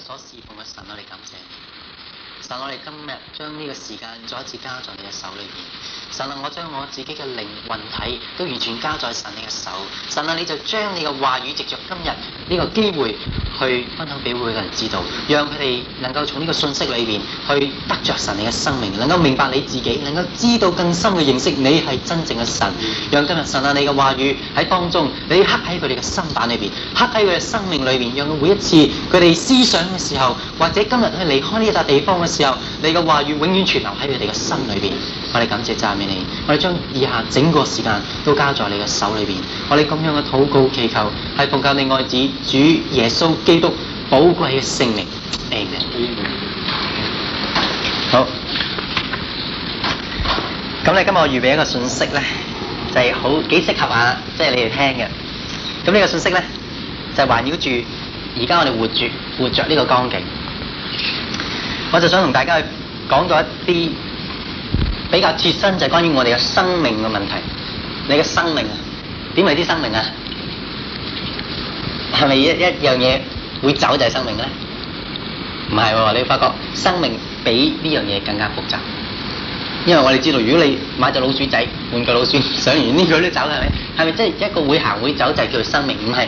所侍奉嘅神，我哋感謝。神，我哋今日將呢個時間再一次交喺你嘅手裏邊。神啊，我將我自己嘅靈魂體都完全交在神你嘅手。神啊，你就將你嘅話語藉着今日呢個機會去分享俾會嘅人知道，讓佢哋能夠從呢個信息裏邊去得着神你嘅生命，能夠明白你自己，能夠知道更深嘅認識你係真正嘅神。讓今日神啊，你嘅話語喺當中，你刻喺佢哋嘅心板裏邊，刻喺佢嘅生命裏邊，讓佢每一次佢哋思想嘅時候，或者今日喺離開呢笪地方嘅時候，你嘅話語永遠存留喺佢哋嘅心裏邊。我哋感謝讚美你，我哋將以下整個時間都交在你嘅手裏邊。我哋咁樣嘅禱告祈求，係奉教你愛子主耶穌基督寶貴嘅聖名。Amen 嗯、好。咁你今日我預備一個信息咧，就係好幾適合啊，即係你哋聽嘅。咁呢個信息咧，就係環繞住而家我哋活住活着呢個光景。我就想同大家去講到一啲比較切身，就係關於我哋嘅生命嘅問題。你嘅生命點為啲生命啊？係咪一一樣嘢會走就係生命咧？唔係喎，你會發覺生命比呢樣嘢更加複雜。因為我哋知道，如果你買隻老鼠仔，換個老鼠，想完呢佢都走啦，係咪？係咪即係一個會行會走就係叫做生命？唔係。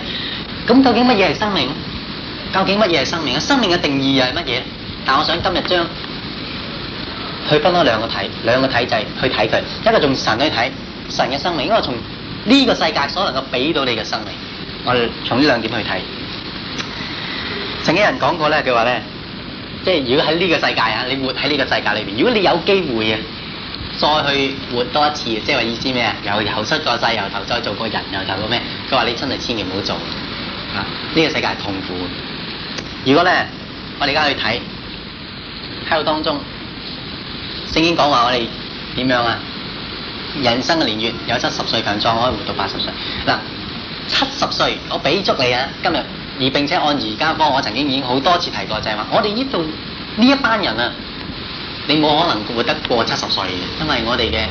咁究竟乜嘢係生命？究竟乜嘢係生命啊？生命嘅定義又係乜嘢？但我想今日將佢分開兩個體兩個體制去睇佢，一個仲神去睇神嘅生命，一個從呢個世界所能夠俾到你嘅生命。我哋從呢兩點去睇。曾經有人講過咧，佢話咧，即係如果喺呢個世界啊，你活喺呢個世界裏邊，如果你有機會啊，再去活多一次，即係話意思咩啊？由有由出過世，由頭再做過人，又頭過咩？佢話你真係千祈唔好做啊！呢個世界係痛苦。如果咧，我哋而家去睇。喺度當中，聖經講話我哋點樣啊？人生嘅年月有七十歲，強壯可以活到八十歲。嗱，七十歲我俾足你啊！今日而並且按而家方，我曾經已經好多次提過，就係話我哋呢度呢一班人啊，你冇可能活得過七十歲嘅，因為我哋嘅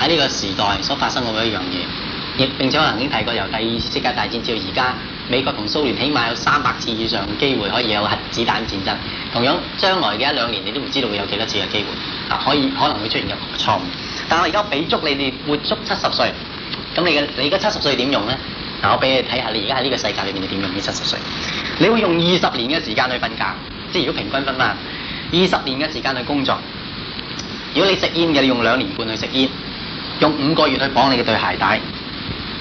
喺呢個時代所發生過嘅一樣嘢，亦並且我曾經提過由第二次世界大戰至到而家。美國同蘇聯起碼有三百次以上機會可以有核子彈戰爭，同樣將來嘅一兩年你都唔知道會有幾多次嘅機會，啊可以可能會出現任何嘅錯誤。但係我而家俾足你哋活足七十歲，咁你嘅你而家七十歲點用咧？嗱、啊，我俾你睇下你而家喺呢個世界裏面你點用呢七十歲。你會用二十年嘅時間去瞓覺，即係如果平均分嘛，二十年嘅時間去工作。如果你食煙嘅，你用兩年半去食煙，用五個月去綁你嘅對鞋帶，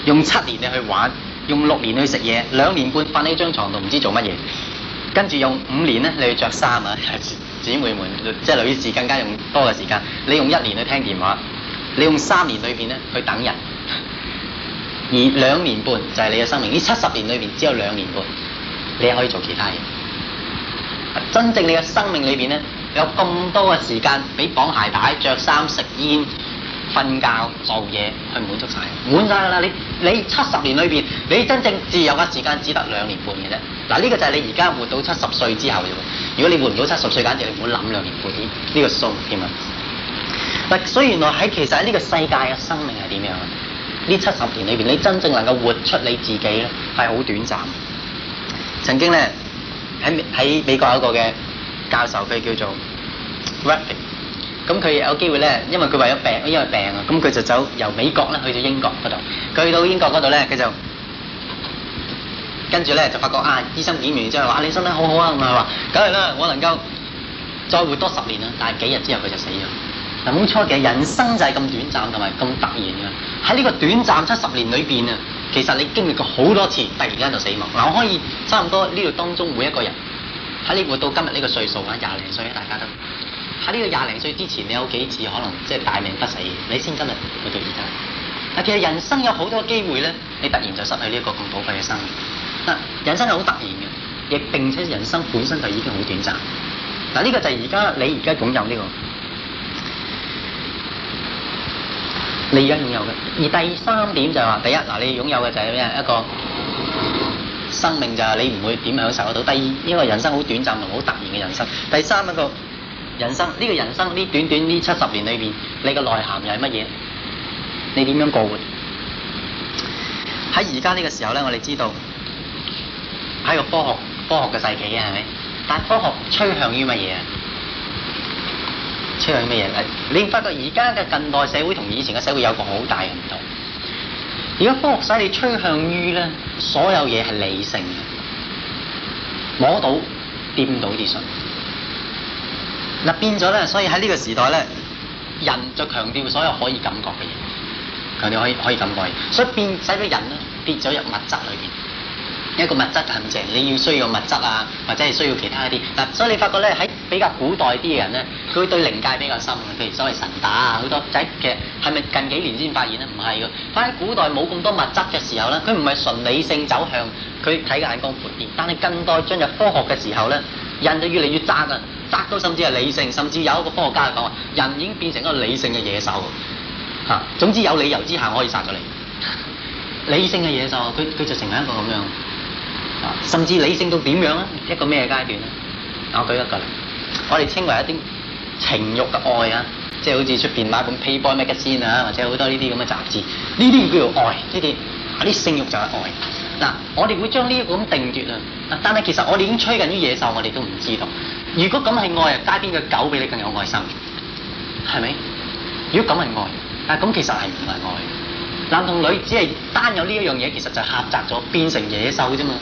用七年你去玩。用六年去食嘢，兩年半瞓喺張床度唔知做乜嘢，跟住用五年咧你去着衫啊，姊妹們，即係女士更加用多嘅時間。你用一年去聽電話，你用三年裏邊咧去等人，而兩年半就係你嘅生命。呢七十年裏邊只有兩年半，你可以做其他嘢。真正你嘅生命裏邊咧，有咁多嘅時間俾綁鞋帶、着衫、食煙。瞓覺做嘢去滿足曬，滿曬啦！你你七十年裏邊，你真正自由嘅時間只得兩年半嘅啫。嗱，呢個就係你而家活到七十歲之後嘅。如果你活唔到七十歲，簡直你唔好諗兩年半呢個數添啊！嗱，所以原來喺其實喺呢個世界嘅生命係點樣呢？呢七十年裏邊，你真正能夠活出你自己咧，係好短暫。曾經咧喺喺美國有一個嘅教授佢叫做。咁佢有機會咧，因為佢話有病，因為病啊，咁佢就走由美國咧去到英國嗰度。佢去到英國嗰度咧，佢就跟住咧就發覺啊，醫生檢完之後話你身體好好啊，咁佢話梗係啦，我能夠再活多十年啦。但係幾日之後佢就死咗。嗱，冇錯嘅人生就係咁短暫同埋咁突然嘅。喺呢個短暫七十年裏邊啊，其實你經歷過好多次突然間就死亡。嗱，我可以差唔多呢度當中每一個人喺你活到今日呢個歲數啊，廿零歲大家都。喺呢個廿零歲之前，你有幾次可能即係大命不死，你先今日去到而家。嗱，其實人生有好多機會咧，你突然就失去呢一個咁寶貴嘅生命。啊，人生係好突然嘅，亦並且人生本身就已經好短暫。嗱，呢個就係而家你而家擁有呢個，你而家擁有嘅。而第三點就係話，第一嗱，你擁有嘅就係咩一個生命，就係你唔會點享受得到。第二，呢個人生好短暫同好突然嘅人生。第三一個。人生呢、這個人生呢短短呢七十年裏邊，你嘅內涵又係乜嘢？你點樣過活？喺而家呢個時候咧，我哋知道喺個科學科學嘅世紀啊，係咪？但科學趨向於乜嘢？趨向於乜嘢？你發覺而家嘅近代社會同以前嘅社會有個好大嘅唔同。而家科學使你趨向於咧，所有嘢係理性嘅，摸到掂到啲信。嗱變咗咧，所以喺呢個時代咧，人就強調所有可以感覺嘅嘢，強調可以可以感覺嘅嘢，所以變使到人咧跌咗入物質裏邊，一個物質陷阱，你要需要物質啊，或者係需要其他一啲嗱、啊，所以你發覺咧喺比較古代啲嘅人咧，佢對靈界比較深，譬如所謂神打啊好多，仔係其實係咪近幾年先發現咧？唔係嘅，反喺古代冇咁多物質嘅時候咧，佢唔係純理性走向，佢睇嘅眼光闊啲，但係近代進入科學嘅時候咧，人就越嚟越窄嘅。得到甚至係理性，甚至有一個科學家嚟講，話人已經變成一個理性嘅野獸，吓、啊，總之有理由之下可以殺咗你。理性嘅野獸，佢佢就成為一個咁樣，啊、甚至理性到點樣咧？一個咩階段咧？我舉一個，我哋稱為一啲情欲嘅愛啊，即係好似出邊買本 Playboy Magazine 啊，或者好多呢啲咁嘅雜誌，呢啲叫做愛，呢啲啲性欲就係愛。嗱、啊，我哋會將呢一個咁定奪啊，啊但係其實我哋已經趨近於野獸，我哋都唔知道。如果咁係愛啊，街邊嘅狗比你更有愛心，係咪？如果咁係愛，但係咁其實係唔係愛？男同女只係單有呢一樣嘢，其實就狹窄咗，變成野獸啫嘛。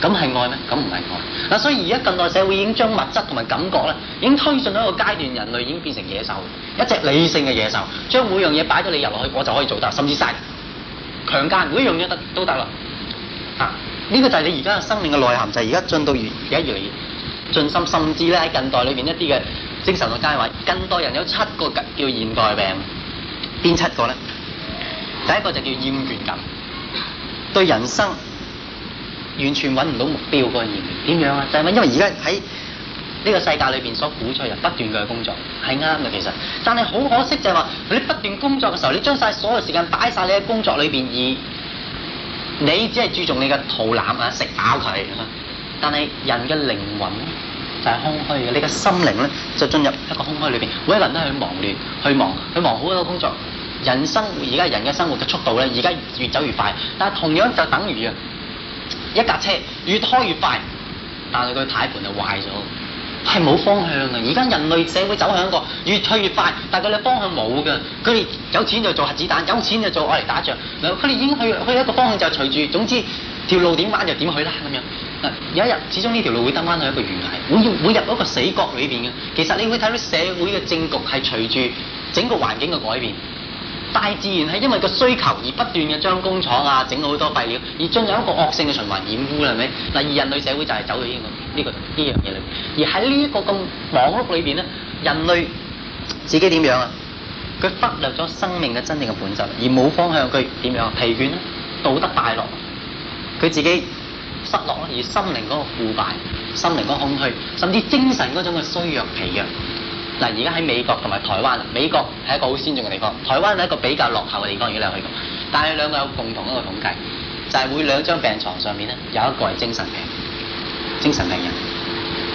咁係愛咩？咁唔係愛。嗱、啊，所以而家近代社會已經將物質同埋感覺咧，已經推進到一個階段，人類已經變成野獸，一隻理性嘅野獸，將每樣嘢擺到你入落去，我就可以做得到，甚至曬強奸每樣嘢得都得啦。啊，呢個就係你而家嘅生命嘅內涵，就係而家進到越而家越嚟越，越。信心，甚至咧喺近代裏邊一啲嘅精神嘅佳話，更多人有七個叫現代病，邊七個咧？第一個就叫厭倦感，對人生完全揾唔到目標個厭倦。點樣啊？就係因為而家喺呢個世界裏邊所鼓吹人不斷嘅工作係啱嘅，其實，但係好可惜就係話你不斷工作嘅時候，你將晒所有時間擺晒你喺工作裏邊而你只係注重你嘅肚腩啊，食飽佢，但係人嘅靈魂，就係空虛嘅，你嘅心靈咧就進入一個空虛裏邊，每一人都去忙亂，去忙，去忙好多工作。人生而家人嘅生活嘅速度咧，而家越走越快，但係同樣就等於啊一架車越開越快，但係佢軚盤就壞咗，係冇方向嘅。而家人類社會走向個越退越快，但係佢嘅方向冇㗎。佢哋有錢就做核子彈，有錢就做愛嚟打仗。佢哋已經去去一個方向就係隨住，總之條路點彎就點去啦咁樣。有一日，始終呢條路會登翻去一個懸崖，會會入一個死角裏邊嘅。其實你會睇到社會嘅政局係隨住整個環境嘅改變，大自然係因為個需求而不斷嘅將工廠啊整好多廢料，而進入一個惡性嘅循環染污啦，係咪？嗱，而人類社會就係走到呢個呢個呢樣嘢裏面。而喺呢一個咁網絡裏邊咧，人類自己點樣啊？佢忽略咗生命嘅真正嘅本質，而冇方向，佢點樣疲倦、道德敗落，佢自己。失落而心靈嗰個腐敗、心靈嗰個空虛，甚至精神嗰種嘅衰弱疲弱。嗱，而家喺美國同埋台灣，美國係一個好先進嘅地方，台灣係一個比較落後嘅地方。如果你係去過，但係兩個有共同一個統計，就係、是、每兩張病床上面咧，有一個係精神病，精神病人。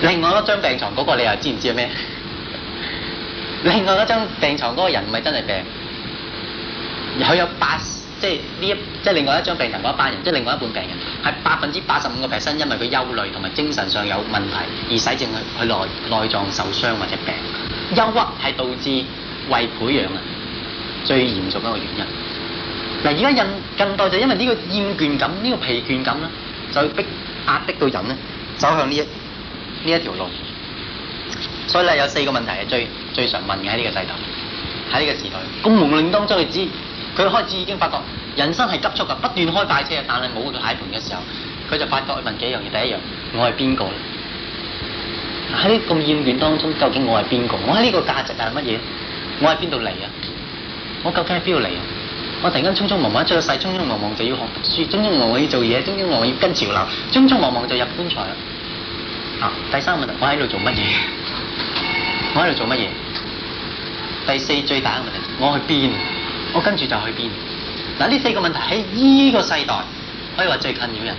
另外一張病床嗰個你又知唔知係咩？另外一張病床嗰個人唔係真係病，佢有八。即係呢一，即係另外一張病人嗰一班人，即係另外一半病人，係百分之八十五個病身，因為佢憂慮同埋精神上有問題，而使正佢佢內內臟受傷或者病。憂鬱係導致胃潰瘍啊，最嚴重一個原因。嗱，而家印更多就因為呢個厭倦感、呢、呢個疲倦感啦，就逼壓迫到人咧，走向呢一呢一條路。所以嚟有四個問題係最最常問嘅喺呢個世代，喺呢個時代，公文令當中你知。佢開始已經發覺人生係急促嘅，不斷開快車，但係冇個蟹盤嘅時候，佢就發覺去問幾樣嘢。第一樣，我係邊個？喺呢咁厭倦當中，究竟我係邊個？我喺呢個價值係乜嘢？我喺邊度嚟啊？我究竟喺邊度嚟啊？我突然間匆匆忙忙出咗世，匆匆忙忙就要學讀書，匆匆忙忙要做嘢，匆匆忙忙要跟潮流，匆匆忙忙就入棺材啦。啊！第三個問題，我喺度做乜嘢？我喺度做乜嘢？第四最大個問題，我去邊？我跟住就去邊？嗱，呢四個問題喺呢個世代可以話最困擾人，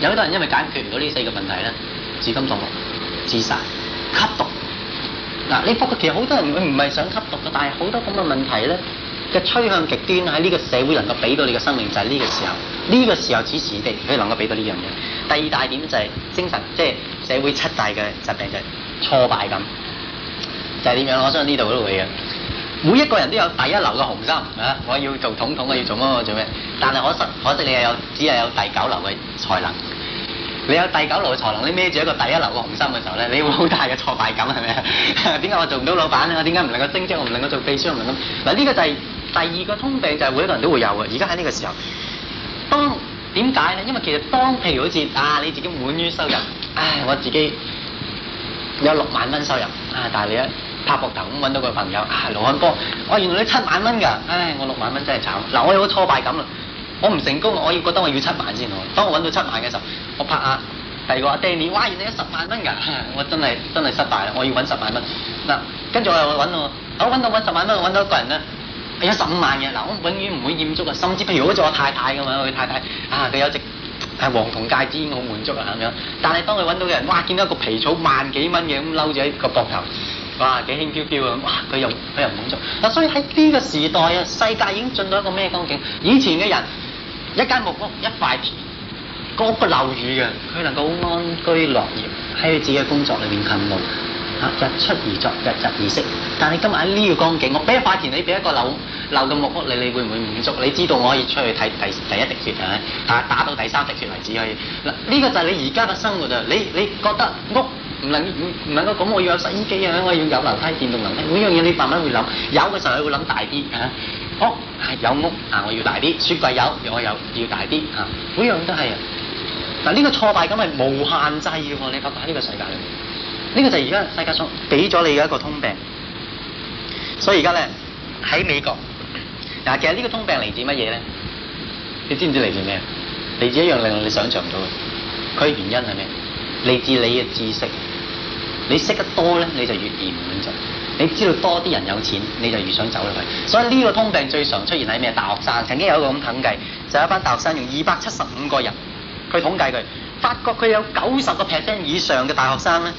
有好多人因為解決唔到呢四個問題咧，自甘墮落、自殺、吸毒。嗱，你不過其實好多人佢唔係想吸毒嘅，但係好多咁嘅問題咧嘅趨向極端，喺呢個社會能夠俾到你嘅生命就係呢個時候，呢個時候只是地，佢能夠俾到呢樣嘢。第二大點就係精神，即係社會七大嘅疾病就係挫敗感，就係點樣？我相信呢度都會嘅。每一個人都有第一流嘅雄心啊！我要做總統，統我要做乜，我做咩？但係可惜，可惜你又有只係有，有第九流嘅才能。你有第九流嘅才能，你孭住一個第一流嘅雄心嘅時候咧，你會好大嘅挫敗感係咪啊？點解 我做唔到老闆咧？我點解唔能夠升職？我唔能夠做秘書升唔到？嗱，呢、這個就係、是、第二個通病，就係每一個人都會有嘅。而家喺呢個時候，當點解咧？因為其實當譬如好似啊，你自己滿足於收入，唉、啊，我自己有六萬蚊收入啊，但係你一。拍膊頭咁揾到個朋友，啊，盧漢波，我、哦、原來你七萬蚊㗎，唉我六萬蚊真係慘，嗱我有個挫敗感啦，我唔成功，我要覺得我要七萬先好。當我揾到七萬嘅時候，我拍下第二個阿 Daniel，哇原來你十萬蚊㗎，我真係真係失敗啦，我要揾十萬蚊，嗱跟住我又去揾、啊、我，我揾到揾十萬蚊，揾到一個人咧，一、啊哎、十五萬嘅，嗱、啊、我永遠唔會厭足啊，甚至譬如好似我太太嘅嘛，佢太太啊佢有隻係黃、啊、銅戒指已經好滿足啊咁樣，但係當佢揾到嘅人，哇見到一個皮草萬幾蚊嘅咁嬲住喺個膊頭。哇，幾輕飄飄啊！哇，佢又佢又唔滿足。嗱，所以喺呢個時代啊，世界已經進到一個咩光景？以前嘅人一間木屋一塊田，個屋不漏雨嘅，佢能夠安居樂業喺佢自己嘅工作裏面勤勞，嚇日出而作日入而息。但係你今日喺呢個光景，我俾一塊田，你俾一個樓樓嘅木屋，你你會唔會滿足？你知道我可以出去睇第第一滴血係咪？打到第三滴血為止可以。嗱，呢個就係你而家嘅生活就你，你覺得屋？唔能夠咁，夠我要有洗衣機啊！我要有樓梯電動樓梯，每樣嘢你慢慢會諗，有嘅時候你會諗大啲吓。屋、啊、係有屋，啊我要大啲，雪櫃有，我有要大啲啊，每樣都係啊。嗱，呢個挫敗感係無限制嘅，你發覺喺呢個世界裏邊，呢、這個就係而家世界上俾咗你嘅一個通病。所以而家咧喺美國，嗱、啊、其實呢個通病嚟自乜嘢咧？你知唔知嚟自咩？嚟自一樣令你想象唔到佢嘅原因係咩？嚟自你嘅知識。你識得多咧，你就越唔滿足。你知道多啲人有錢，你就越想走入去。所以呢個通病最常出現喺咩？大學生曾經有一個咁統計，就係一班大學生用二百七十五個人佢統計佢，發覺佢有九十個 percent 以上嘅大學生咧，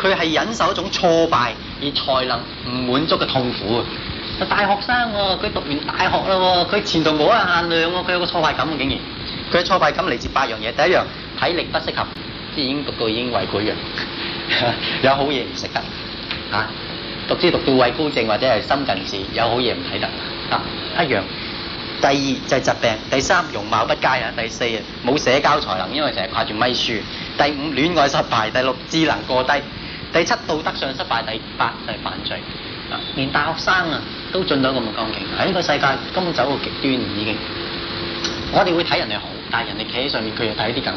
佢係忍受一種挫敗而才能唔滿足嘅痛苦啊！大學生喎、哦，佢讀完大學啦喎、哦，佢前途無限量喎、哦，佢有個挫敗感、啊、竟然佢嘅挫敗感嚟自八樣嘢，第一樣體力不適合，即係已經讀過已經為佢。樣。 有好嘢唔食得嚇，讀書讀到畏高症或者係深近視，有好嘢唔睇得啊。一樣，第二就係疾病，第三容貌不佳啊，第四冇社交才能，因為成日掛住咪書。第五戀愛失敗，第六智能過低，第七道德上失敗，第八就係犯罪。啊，連大學生啊都進到咁嘅境界，喺呢個世界根本走到極端已經。我哋會睇人哋好，但係人哋企喺上面佢又睇啲咁。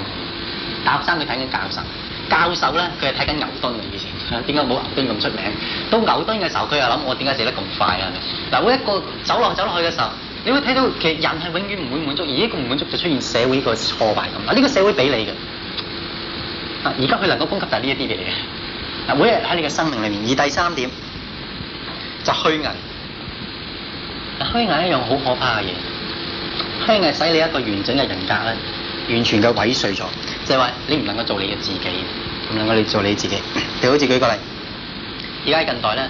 大學生佢睇緊教授。教授咧，佢係睇緊牛頓嘅以前，點解冇牛頓咁出名？到牛頓嘅時候，佢又諗我點解死得咁快啊？嗱，每一個走落走落去嘅時候，你會睇到其實人係永遠唔會滿足，而一個唔滿足就出現社會個挫敗感。啊，呢個社會俾你嘅，啊，而家佢能夠供給就係呢一啲嘅嘢。嗱、啊，每日喺你嘅生命裡面。而第三點就虛偽，啊，虛偽一樣好可怕嘅嘢，虛偽使你一個完整嘅人格咧，完全嘅毀碎咗，就係話你唔能夠做你嘅自己，唔能夠你做你自己。譬如好似舉個例，而家喺近代咧，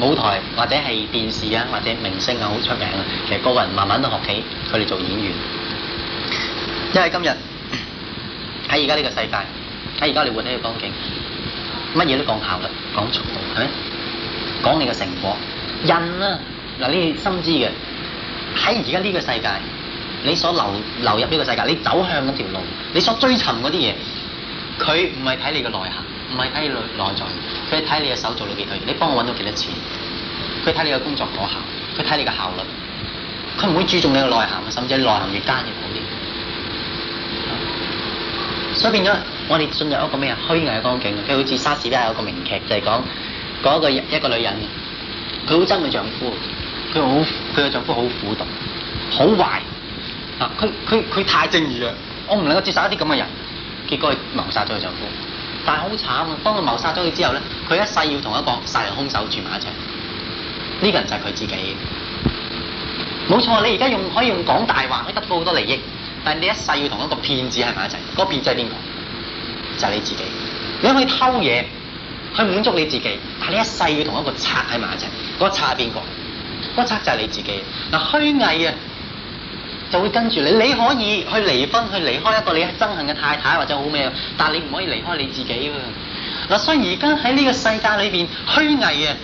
舞台或者係電視啊，或者，或者明星啊，好出名啊。其實個個人慢慢都學起佢哋做演員，因為今日喺而家呢個世界，喺而家你活喺呢個光景，乜嘢都講效率、講速度，係咪？講你嘅成果，人啊，嗱，你哋深知嘅，喺而家呢個世界。你所流流入呢個世界，你走向嗰條路，你所追尋嗰啲嘢，佢唔係睇你嘅內涵，唔係睇你內內在，佢睇你嘅手做到幾多，你幫我揾到幾多錢，佢睇你嘅工作可行，佢睇你嘅效率，佢唔會注重你嘅內涵，甚至內涵越奸越好啲。所以變咗，我哋進入一個咩啊虛偽嘅光景，佢好似莎士比亞有一個名劇，就係、係、講嗰個一個女人，佢好憎佢丈夫，佢好佢嘅丈夫好苦毒，好壞。嗱，佢佢佢太正義啦，我唔能夠接受一啲咁嘅人，結果佢謀殺咗佢丈夫。但係好慘啊！當佢謀殺咗佢之後咧，佢一世要同一個殺人兇手住埋一齊。呢個人就係佢自己。冇錯，你而家用可以用講大話可以得到好多利益，但係你一世要同一個騙子喺埋一齊。嗰個騙子係邊個？就係你自己。你可以偷嘢去滿足你自己，但係你一世要同一個賊喺埋一齊。嗰個賊係邊個？嗰賊就係你自己。嗱，虛偽啊！就會跟住你，你可以去離婚去離開一個你憎恨嘅太太或者好咩，但係你唔可以離開你自己喎。嗱，啊，所以而家喺呢個世界裏邊，虛偽啊，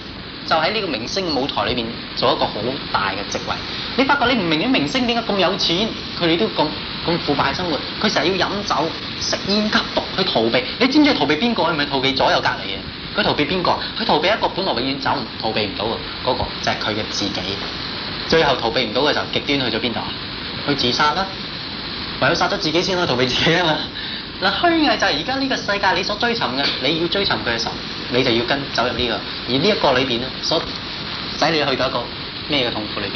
就喺呢個明星舞台裏邊做一個好大嘅職位。你發覺你唔明啲明星點解咁有錢，佢哋都咁咁腐敗生活，佢成日要飲酒、食煙、吸毒去逃避。你知唔知逃避邊個？係咪逃避左右隔離啊？佢逃避邊個？佢逃避一個本來永遠走唔逃避唔到嘅嗰個，就係佢嘅自己。最後逃避唔到嘅時候，極端端去咗邊度啊？去自殺啦、啊！唯有殺咗自己先可以逃避自己啊嘛！嗱，虛偽就係而家呢個世界你所追尋嘅，你要追尋佢嘅時候，你就要跟走入呢、呢個。而個裡呢一個裏邊咧，所使你去到一個咩嘅痛苦裏邊？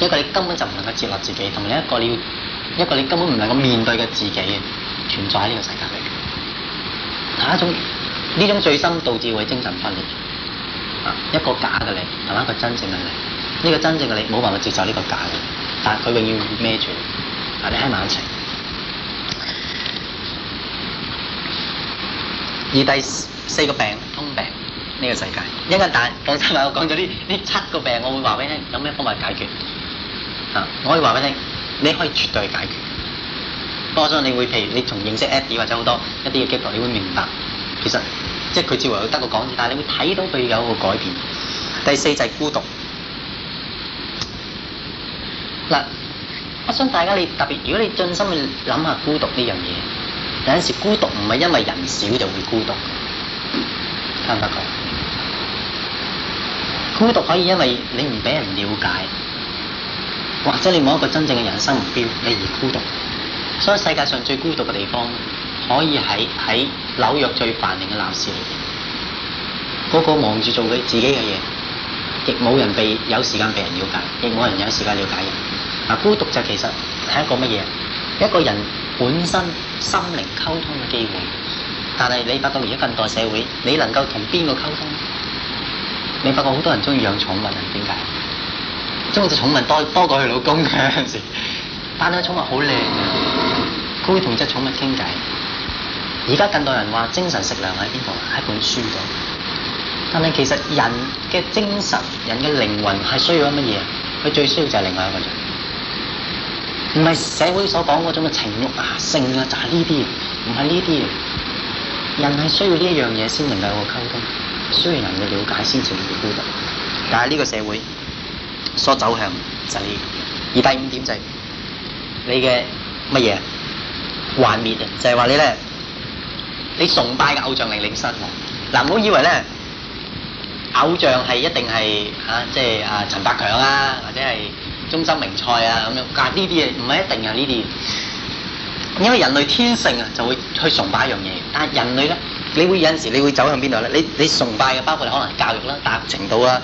一個你根本就唔能夠接納自己，同埋另一個你要，一個你根本唔能夠面對嘅自己存在喺呢個世界裏邊，係一種呢種最深導致會精神分裂一個假嘅你，同埋一個真正嘅你，呢、呢個真正嘅你冇辦法接受呢個假嘅。但佢永遠孭住你，但你喺埋一齊。而第四個病，通病呢、這個世界，一陣間大講真話，我講咗呢呢七個病，我會話俾你聽，有咩方法解決？啊，我可以話俾你聽，你可以絕對解決。不過我想你會，譬如你從認識 Adi 或者好多一啲嘅經歷，你會明白，其實即係佢只係得個講，但係你會睇到佢有個改變。第四就係孤獨。嗱，我想大家你特別，如果你盡心去諗下孤獨呢樣嘢，有陣時孤獨唔係因為人少就會孤獨，發唔發覺？孤獨可以因為你唔俾人了解，或者你冇一個真正嘅人生目標，你而孤獨。所以世界上最孤獨嘅地方，可以喺喺紐約最繁榮嘅鬧市，嗰個忙住做佢自己嘅嘢，亦冇人被有時間俾人了解，亦冇人有時間了解人。孤獨就其實係一個乜嘢？一個人本身心靈溝通嘅機會，但係你發覺而家近代社會，你能夠同邊個溝通？你發覺好多人中意養寵物，點解？中意隻寵物多多過佢老公嘅有時， 但係寵物好靚嘅，佢會同隻寵物傾偈。而家近代人話精神食糧喺邊度？喺本書度。但係其實人嘅精神、人嘅靈魂係需要乜嘢？佢最需要就係另外一個人。唔係社會所講嗰種嘅情慾啊、性啊、就係呢啲，唔係呢啲，人係需要呢一樣嘢先能夠溝通，需要能夠了解先至會孤獨。但係呢個社會所走向就係，而第五點就係你嘅乜嘢幻滅啊，就係、是、話你咧，你崇拜嘅偶像離你身啦。嗱、啊，唔好以為咧，偶像係一定係嚇、啊，即係啊陳百強啊，或者係。中心名菜啊咁樣，但呢啲嘢唔係一定係呢啲，因為人類天性啊就會去崇拜一樣嘢。但係人類咧，你會有陣時你會走向邊度咧？你你崇拜嘅包括可能教育啦、大學程度啊、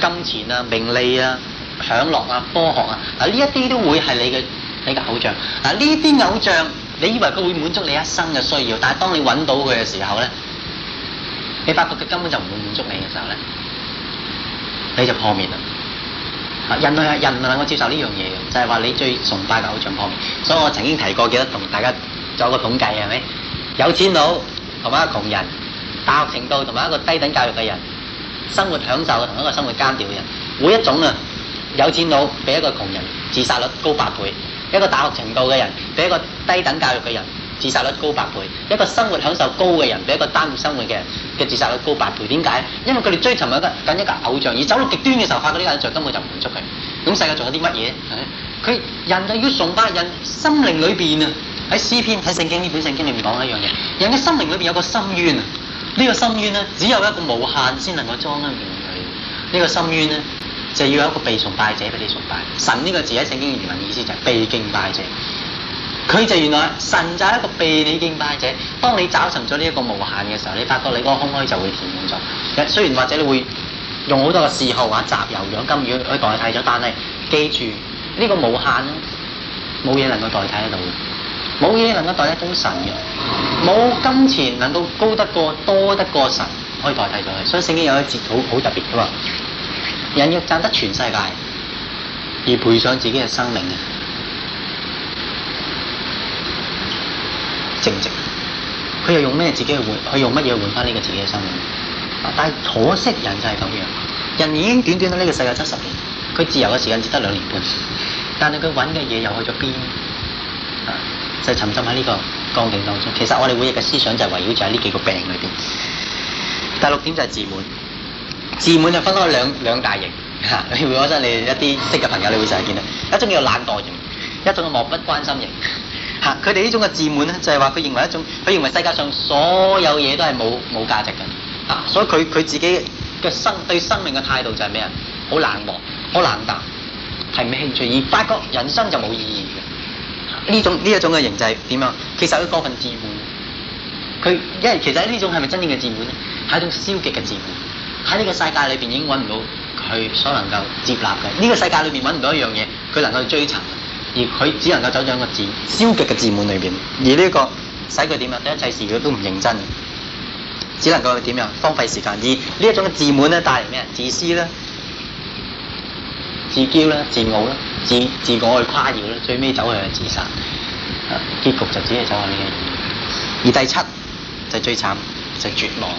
金錢啊、名利啊、享樂啊、科學啊。嗱，呢一啲都會係你嘅你嘅偶像。嗱，呢啲偶像，你以為佢會滿足你一生嘅需要，但係當你揾到佢嘅時候咧，你發覺佢根本就唔會滿足你嘅時候咧，你就破滅啦。人類啊，人唔能夠接受呢樣嘢嘅，就係話你最崇拜嘅偶像破滅。所以我曾經提過，記得同大家做個統計，係咪？有錢佬同埋一個窮人，大學程度同埋一個低等教育嘅人，生活享受嘅同一個生活單調嘅人，每一種啊，有錢佬比一個窮人自殺率高百倍，一個大學程度嘅人比一個低等教育嘅人。自殺率高百倍，一個生活享受高嘅人，比一個單活生活嘅人，嘅自殺率高百倍。點解？因為佢哋追尋緊緊一個一偶像，而走到極端嘅時候，發覺呢個偶像根本就唔滿足佢。咁世界仲有啲乜嘢？佢、哎、人就要崇拜人，心靈裏邊啊，喺詩篇喺聖經呢本聖經裏面講一樣嘢，人嘅心靈裏邊有個深淵啊。這個、心淵呢個深淵咧，只有一個無限先能夠裝得佢呢個深淵咧，就係、要有一個被崇拜者俾你崇拜。神呢個字喺聖經嘅原文意思就係被敬拜者。佢就原來神就係一個被你敬拜者，當你找尋咗呢一個無限嘅時候，你發覺你個空虛就會填滿咗。一雖然或者你會用好多嘅嗜好，或者集郵、養金魚可以代替咗，但係記住呢個無限冇嘢能夠代替得到，冇嘢能夠代替到神嘅，冇金錢能夠高得過、多得過神可以代替到佢。所以聖經有一節好好特別嘅嘛，人要賺得全世界而賠上自己嘅生命啊！值唔值？佢又用咩自己去換？佢用乜嘢換翻呢個自己嘅生命，啊？但係可惜，人就係咁樣。人已經短短到呢個世界七十年，佢自由嘅時間只得兩年半。但係佢揾嘅嘢又去咗邊，啊？就沉浸喺呢個光景當中。其實我哋每日嘅思想就係圍繞住喺呢幾個病裏邊。第六點就係自滿，自滿就分開兩兩大型。 你會覺得你一啲識嘅朋友，你會成日見到一種叫做懶惰型，一種叫做漠不關心型。嚇！佢哋呢種嘅自滿咧，就係話佢認為一種，佢認為世界上所有嘢都係冇冇價值嘅。啊！所以佢佢自己嘅生對生命嘅態度就係咩啊？好冷漠，好冷淡，係唔咩興趣，而發覺人生就冇意義嘅。呢種呢一種嘅形制點樣？其實佢過分自滿。佢因為其實種是是呢種係咪真正嘅自滿咧？係一種消極嘅自滿。喺呢個世界裏邊已經揾唔到佢所能夠接納嘅。呢、這個世界裏邊揾唔到一樣嘢，佢能夠追尋。而佢只能夠走咗一個字消極嘅自滿裏邊，而呢、這、一個使佢點啊，對一切事佢都唔認真，只能夠點樣荒廢時間？而呢一種嘅自滿咧，帶嚟咩自私啦、自驕啦、自傲啦、自自我去誇耀啦，最尾走去係自殺，啊，結局就只係走呢樣。而第七就最慘，就係、絕望，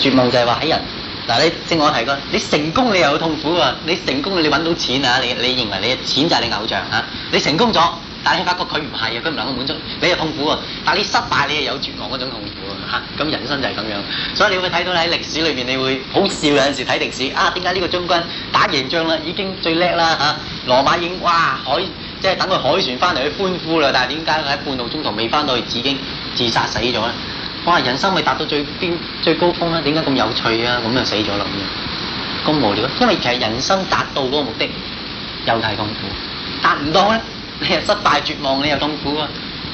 絕望就係話喺人。嗱，你正我提過，你成功你又有痛苦喎。你成功你揾到錢啊，你你認為你錢就係你偶像嚇。你成功咗，但係發覺佢唔係啊，佢唔能夠滿足你又痛苦喎。但係你失敗你又有絕望嗰種痛苦喎。咁人生就係咁樣，所以你會睇到喺歷史裏面，你會好笑有陣時睇歷史啊，點解呢個將軍打贏仗啦，已經最叻啦嚇。羅馬已經哇海，即係等佢海船翻嚟去歡呼啦，但係點解佢喺半路中途未翻到去，自己已經自殺死咗咧？哇！人生咪達到最邊最高峰咧，啊？點解咁有趣啊？咁就死咗啦咁，咁無聊。因為其實人生達到嗰個目的又太痛苦，達唔到咧，你又失敗，絕望，你又痛苦啊！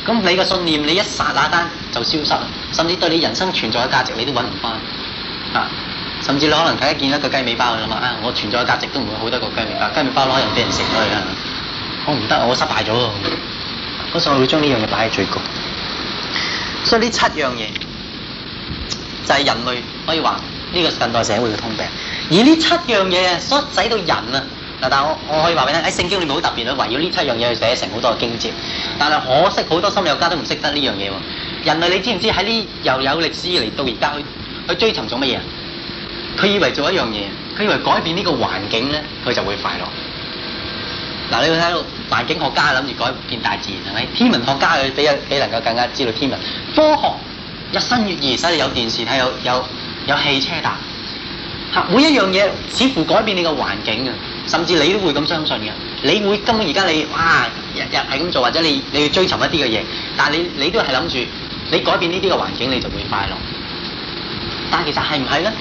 咁你個信念你一剎那間就消失啦，甚至對你人生存在嘅價值你都揾唔翻啊！甚至你可能睇一見一個雞尾包嘅啦嘛啊！我存在嘅價值都唔會好得過個雞尾包，雞尾包攞又俾人食咗啦！啊、 我唔得，我失敗咗喎！嗰時我會將呢樣嘢擺喺最高。所以呢七樣嘢就係、是，人類可以話呢，這個近代社會嘅通病。而呢七樣嘢所使到人啊，嗱，但係我我可以話俾你聽，喺聖經裏面好特別去圍繞呢七樣嘢去寫成好多嘅經節。但係可惜好多心理學家都唔識得呢樣嘢。人類你知唔知喺呢又有歷史嚟，到而家去，去追尋做乜嘢啊？佢以為做一樣嘢，佢以為改變呢個環境咧，佢就會快樂。嗱，你會睇到環境學家諗住改變大自然係咪？天文學家佢比人比能夠更加知道天文科學日新月異，所以有電視睇，有有有汽車搭，嚇每一樣嘢似乎改變你個環境嘅，甚至你都會咁相信嘅。你會根本而家你哇日日係咁做，或者你你要追求一啲嘅嘢，但係你你都係諗住你改變呢啲嘅環境你就會快樂，但係其實係唔係咧？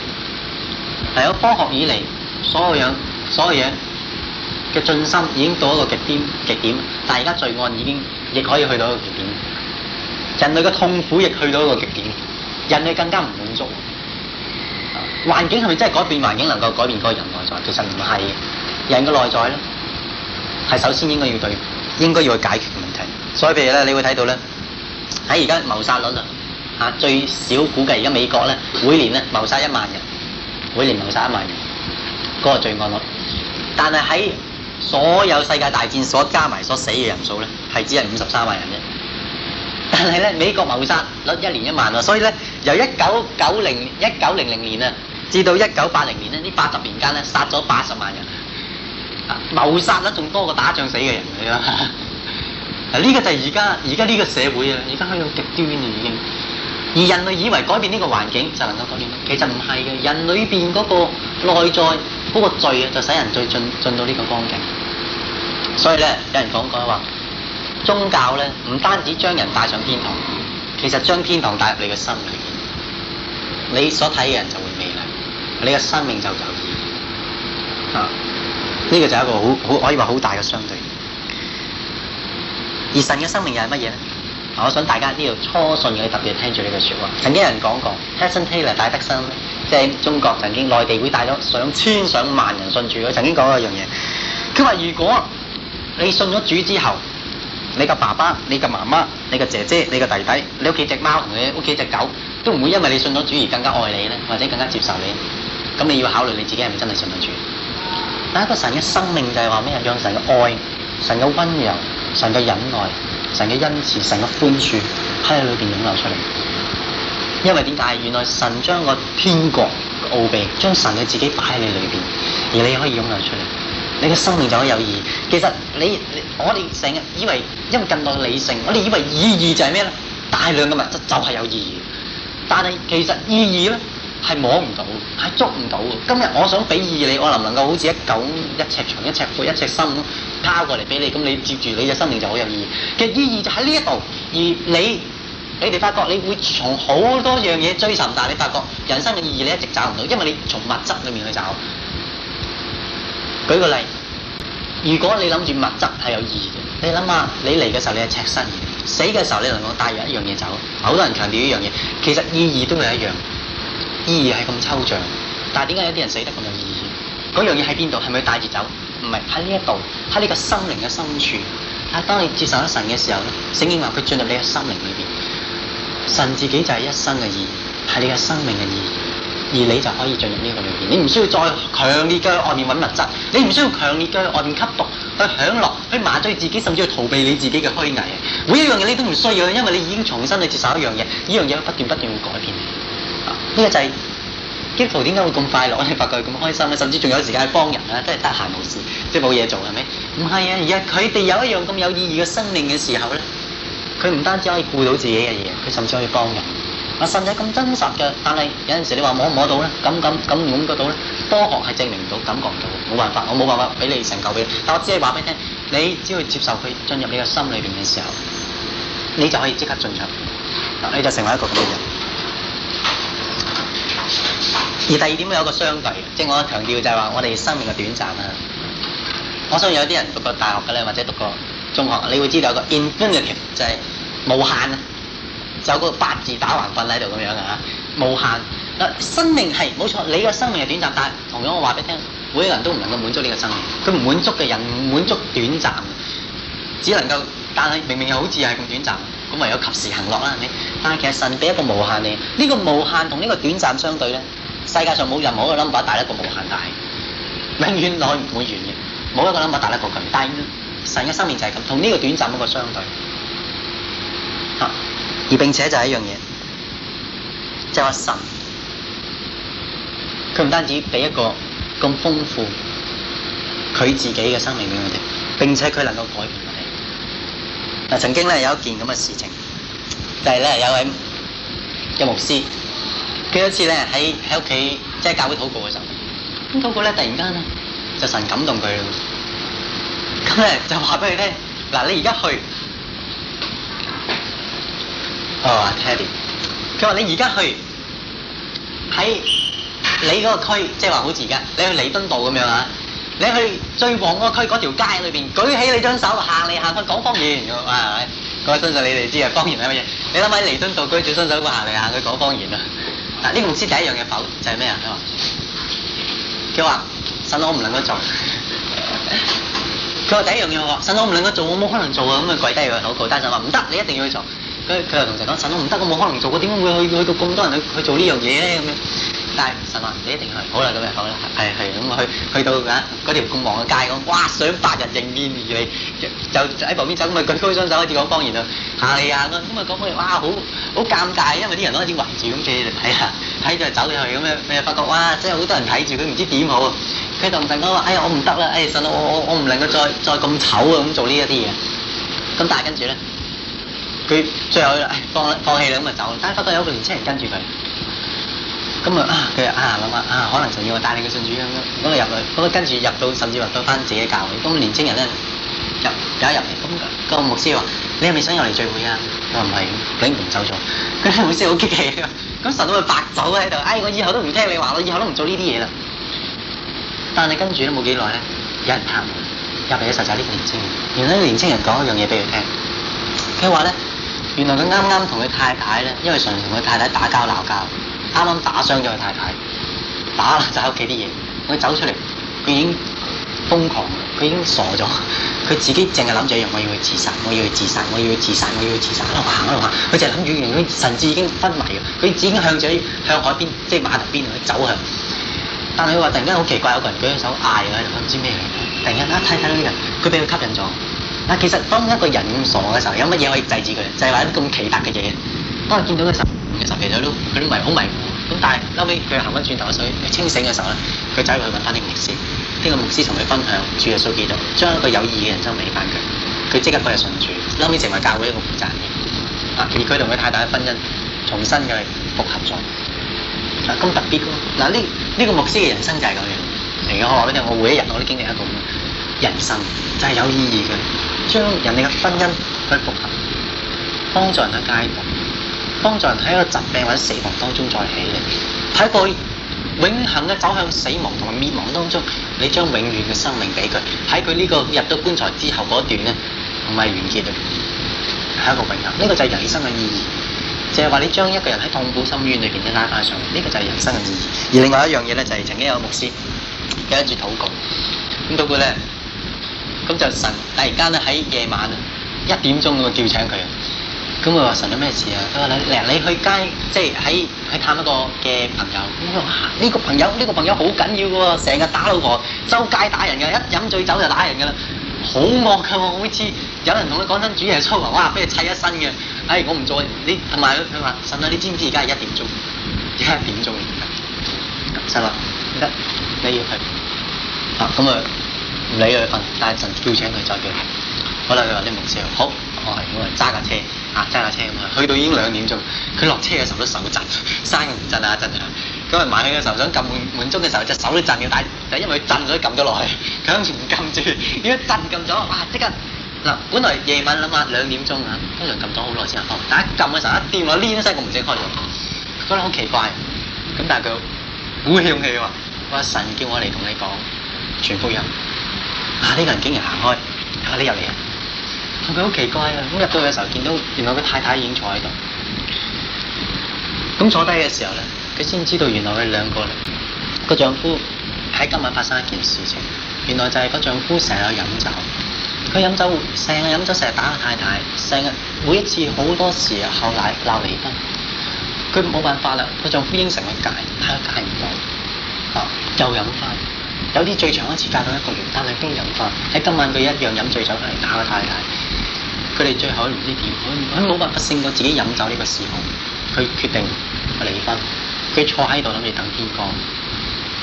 係有科學以嚟所有樣所有嘢。嘅進心已經到一個極端極點，但係而家罪案已經亦可以去到一個極點。人類嘅痛苦亦去到一個極點，人類更加唔滿足。環境係咪真係改變環境能夠改變嗰個人內在？其實唔係嘅，人嘅內在咧係首先應該要對，應該要去解決嘅問題。所以譬如咧，你會睇到咧，喺而家謀殺率啊，嚇最少估計而家美國咧每年咧謀殺一萬人，每年謀殺一萬人，嗰個罪案率，但係喺所有世界大戰所加埋所死嘅人數咧，係只係五十三萬人啫。但係咧，美國謀殺率一年一萬啊，所以咧由一九九零一九零零年啊，至到一九八零年咧，年呢八十年間咧殺咗八十萬人。啊，謀殺率仲多過打仗死嘅人嚟啦。嗱 呢個就係而家而家呢個社會啊，而家喺度極端啊已經。而人類以為改變呢個環境就能夠改變，其實唔係嘅。人裏邊嗰個內在。嗰個罪就使人最進進到呢個光景，所以咧有人講過話，宗教咧唔單止將人帶上天堂，其實將天堂帶入你嘅心裏，你所睇嘅人就會美麗，你嘅生命就有意義。啊，呢個就係一個好好可以話好大嘅相對，而神嘅生命又係乜嘢咧？我想大家呢度初信嘅，特別聽住你嘅説話。曾經有人講過 Hudson Taylor 戴德生即係、就是、中國曾經內地會帶咗上千上萬人信主。佢曾經講過一樣嘢，佢話：如果你信咗主之後，你個爸爸、你個媽媽、你個姐姐、你個弟弟、你屋企隻貓同你屋企隻狗，都唔會因為你信咗主而更加愛你咧，或者更加接受你咧。咁你要考慮你自己係咪真係信咗主？但一個神嘅生命就係話咩啊？讓神嘅愛、神嘅溫柔、神嘅忍耐。神嘅恩慈，神嘅寬恕喺你裏邊湧流出嚟。因為點解？原來神將個天國嘅奧秘，將神嘅自己擺喺你裏邊，而你可以湧流出嚟。你嘅生命就可以有意義。其實你，你我哋成日以為，因為近代理性，我哋以為意義就係咩咧？大量嘅物質就係有意義。但係其實意義咧係摸唔到，係捉唔到嘅。今日我想俾意義你，我能唔能夠好似一嚿一尺長、一尺闊、一尺深咁？拋過嚟俾你，咁你接住你嘅生命就好有意義。嘅意義就喺呢一度，而你你哋發覺你會從好多樣嘢追尋，但係你發覺人生嘅意義你一直找唔到，因為你從物質裡面去找。舉個例，如果你諗住物質係有意義嘅，你諗下你嚟嘅時候你係赤身，死嘅時候你能夠帶住一樣嘢走？好多人強調一樣嘢，其實意義都係一樣，意義係咁抽象，但係點解有啲人死得咁有意義？嗰樣嘢喺邊度？係咪帶住走？唔係喺呢一度，喺你個心靈嘅深處。啊，當你接受咗神嘅時候咧，聖經話佢進入你嘅心靈裏邊。神自己就係一生嘅意義，係你嘅生命嘅意義，而你就可以進入呢個裏邊。你唔需要再強烈嘅外面揾物質，你唔需要強烈嘅外面吸毒去享樂去麻醉自己，甚至要逃避你自己嘅虛偽。每一樣嘢你都唔需要，因為你已經重新去接受一樣嘢，呢樣嘢不斷不斷會改變你。呢個就係。基督徒點解會咁快樂咧？發覺佢咁開心咧，甚至仲有時間去幫人咧，真係得閒冇事，即係冇嘢做係咪？唔係啊，而家佢哋有一樣咁有意義嘅生命嘅時候咧，佢唔單止可以顧到自己嘅嘢，佢甚至可以幫人。啊，甚至咁真實嘅，但係有陣時你話摸唔摸到咧？感感感唔感覺到咧？科學係證明唔到，感覺唔到，冇辦法，我冇辦法俾你成神救你。但我只係話俾你聽，你只要接受佢進入你嘅心裏邊嘅時候，你就可以即刻進入，你就成為一個咁嘅人。而第二點咧，有個相對，即係我強調就係話我哋生命嘅短暫啊！我相信有啲人讀過大學嘅，咧，或者讀過中學，你會知道有個 infinity 就係無限啊，就個八字打橫瞓喺度咁樣啊！無限啊，生命係冇錯，你嘅生命係短暫，但係同樣我話俾你聽，每個人都唔能夠滿足呢個生命，佢唔滿足嘅人滿足短暫，只能夠，但係明明又好似係咁短暫。咁咪有及時行樂啦，係咪？但係其實神俾一個無限嘅，呢、這個無限同呢個短暫相對咧，世界上冇任何一個 number 大得過無限大，永遠耐唔會完嘅，冇一個 number 大得過佢。但係神嘅生命就係咁，同呢個短暫一個相對，啊、而並且就係一樣嘢，即係話神，佢唔單止俾一個咁豐富佢自己嘅生命俾我哋，並且佢能夠改變。曾經咧有一件咁嘅事情，就係、是、咧有位嘅牧師，佢有一次咧喺喺屋企即係教會禱告嘅時候，咁禱告咧突然間啊，就神感動佢啦，咁咧就話俾佢聽，嗱你而家去，哦啊 Teddy，佢話你而家去喺你嗰個區，即係話好似而家，你去彌敦道咁樣啊。你去最旺嗰區嗰條街裏邊，舉起你張手，行嚟行去講方言，咁啊係咪？嗰新秀你哋知你想想下下啊，方言係乜嘢？你諗下喺彌敦道舉住新手，舉行嚟行去講方言啊！嗱，呢公司第一樣嘢否就係咩啊？佢話，佢話神我唔能夠做。佢 話第一樣嘢我話神我唔能夠做，我冇可能做啊！咁啊跪低個口告，但就話唔得，你一定要去做。佢又同神講：神佬唔得，我冇可能做，我點解會去去到咁多人去去做呢樣嘢咧？咁樣，但係神話唔一定係。好啦，咁啊好啦，係係咁啊去去到嚇嗰條咁忙嘅街，咁哇想百人迎面而嚟，就喺旁邊走，咁咪舉高雙手開始講方言咯。係啊，咁啊講方言，哎呀，哇好好尷尬，因為啲人都開始圍住咁借嚟睇下，睇咗又走咗去咁樣，你又發覺哇真係好多人睇住佢，唔知點好。佢就同神講話：哎呀，我唔得啦，哎神佬，我我我唔能夠再再咁醜啊，咁做呢一啲嘢。咁但係跟住咧？佢最後放放棄啦，咁就走啦。但係發覺有個年青人跟住佢，咁啊佢啊諗下，啊可能神要我帶你去信主咁樣，咁啊入去，咁啊跟住入到，甚至話到翻自己教會。咁年青人咧入有一入嚟，咁、這個牧師話：你係咪想入嚟聚會啊？佢話唔係，佢唔走咗。這個牧師好激氣啊！咁神啊白走喺度，哎我以後都唔聽你話，我以後都唔做呢啲嘢啦。但係跟住都冇幾耐咧，有人敲門，入嚟嘅就係呢個年青人。原來呢個年青人講一樣嘢俾佢聽，佢話咧。原來佢啱啱同佢太太咧，因為常同佢太太打交鬧交，啱啱打傷咗佢太太，打爛曬屋企啲嘢。佢走出嚟，佢已經瘋狂，佢已經傻咗，佢自己淨係諗住一樣，我要去自殺，我要去自殺，我要去自殺，我要去自殺。一路行一，啊、路行，佢就諗住一樣，佢神志已經昏迷，佢已經向住向海邊，即係碼頭邊走去。但係佢話突然間好奇怪，有個人舉起手嗌佢，唔知咩嚟。突然間一睇睇到啲人，佢俾佢吸引咗。嗱，其實當一個人傻嘅時候，有乜嘢可以制止佢？就係話啲咁奇特嘅嘢。當、啊、佢見到嘅時候，其實都佢都迷好迷糊。咁但係嬲尾，佢行翻轉頭，所以清醒嘅時候咧，佢走入去揾呢個牧師。呢、這個牧師同佢分享主嘅穌基督，將一個有意義嘅人生俾翻佢。佢即刻嗰日信主，嬲尾成為教會一個負責人。啊，而佢同佢太太嘅婚姻重新嘅復合咗。咁特別㗎！嗱、啊，呢呢、這個牧師嘅人生就係咁樣嚟嘅。我嗰啲我每一日，我都經歷一個咁嘅人生，就係、是、有意義嘅。將人哋嘅婚姻去複合，幫助人去戒毒，幫助人喺一個疾病或者死亡當中再起嚟，喺一個永恒嘅走向死亡同埋滅亡當中，你將永遠嘅生命俾佢，喺佢呢個入咗棺材之後嗰段咧，唔係完結嘅，係一個永恆，呢個就係人生嘅意義。就係話你將一個人喺痛苦深淵裏邊咧拉翻上嚟，呢個就係人生嘅意義。而另外一樣嘢咧就係曾經有個牧師，而家住禱告，咁到佢咧。咁就神，突然間啊喺夜晚啊一點鐘，我叫醒佢，咁佢話神有咩事啊？佢話咧，咧你去街即係喺去探一個嘅朋友，咁呢個朋友呢個朋友好緊要喎，成日打老婆，周街打人嘅，一飲醉酒就打人嘅啦，好惡嘅喎，每次有人同佢講親主嘢粗口，哇俾佢砌一身嘅，唉我唔做，你同埋佢話神啊，你知唔知而家係一點鐘？一點鐘，得啦，得，你要去，啊咁啊。唔理佢瞓，但係神叫請佢再叫，可能佢話你冇先好，事好哦、我係揸架車啊揸架車咁去到已經兩點鐘，佢落車嘅時候都手震，生唔震啊震啊，咁啊晚黑嘅時候想撳門門鐘嘅時候隻手都震嘅，但但因為佢震咗撳咗落去，佢一直撳住，如果震撳咗？哇！啊、即刻嗱、啊，本來夜晚諗下兩點鐘啊，通常撳咗好耐先啊，但一撳嘅時候一掂我，攣曬個唔先開咗，覺得好奇怪，咁但係佢鼓起勇氣話：話神叫我嚟同你講全福音。啊！呢、這個人竟然行開，行入嚟，佢好，啊啊、奇怪啊！咁入到去嘅時候，見到原來個太太已經坐喺度。咁坐低嘅時候咧，佢先知道原來佢兩個咧，個丈夫喺今日發生一件事情。原來就係個丈夫成日飲酒，佢飲酒成日飲酒成日打個太太，成日每一次好多時候奶鬧離婚。佢冇辦法啦，個丈夫應承佢戒，但係戒唔到，啊又飲翻。有啲最長一次隔到一個月，但係都飲翻。喺今晚佢一樣飲醉酒，佢嚟打個太太。佢哋最後唔知點，佢冇辦法勝過自己飲酒呢個時候。佢決定佢離婚，佢坐喺度諗住等天光，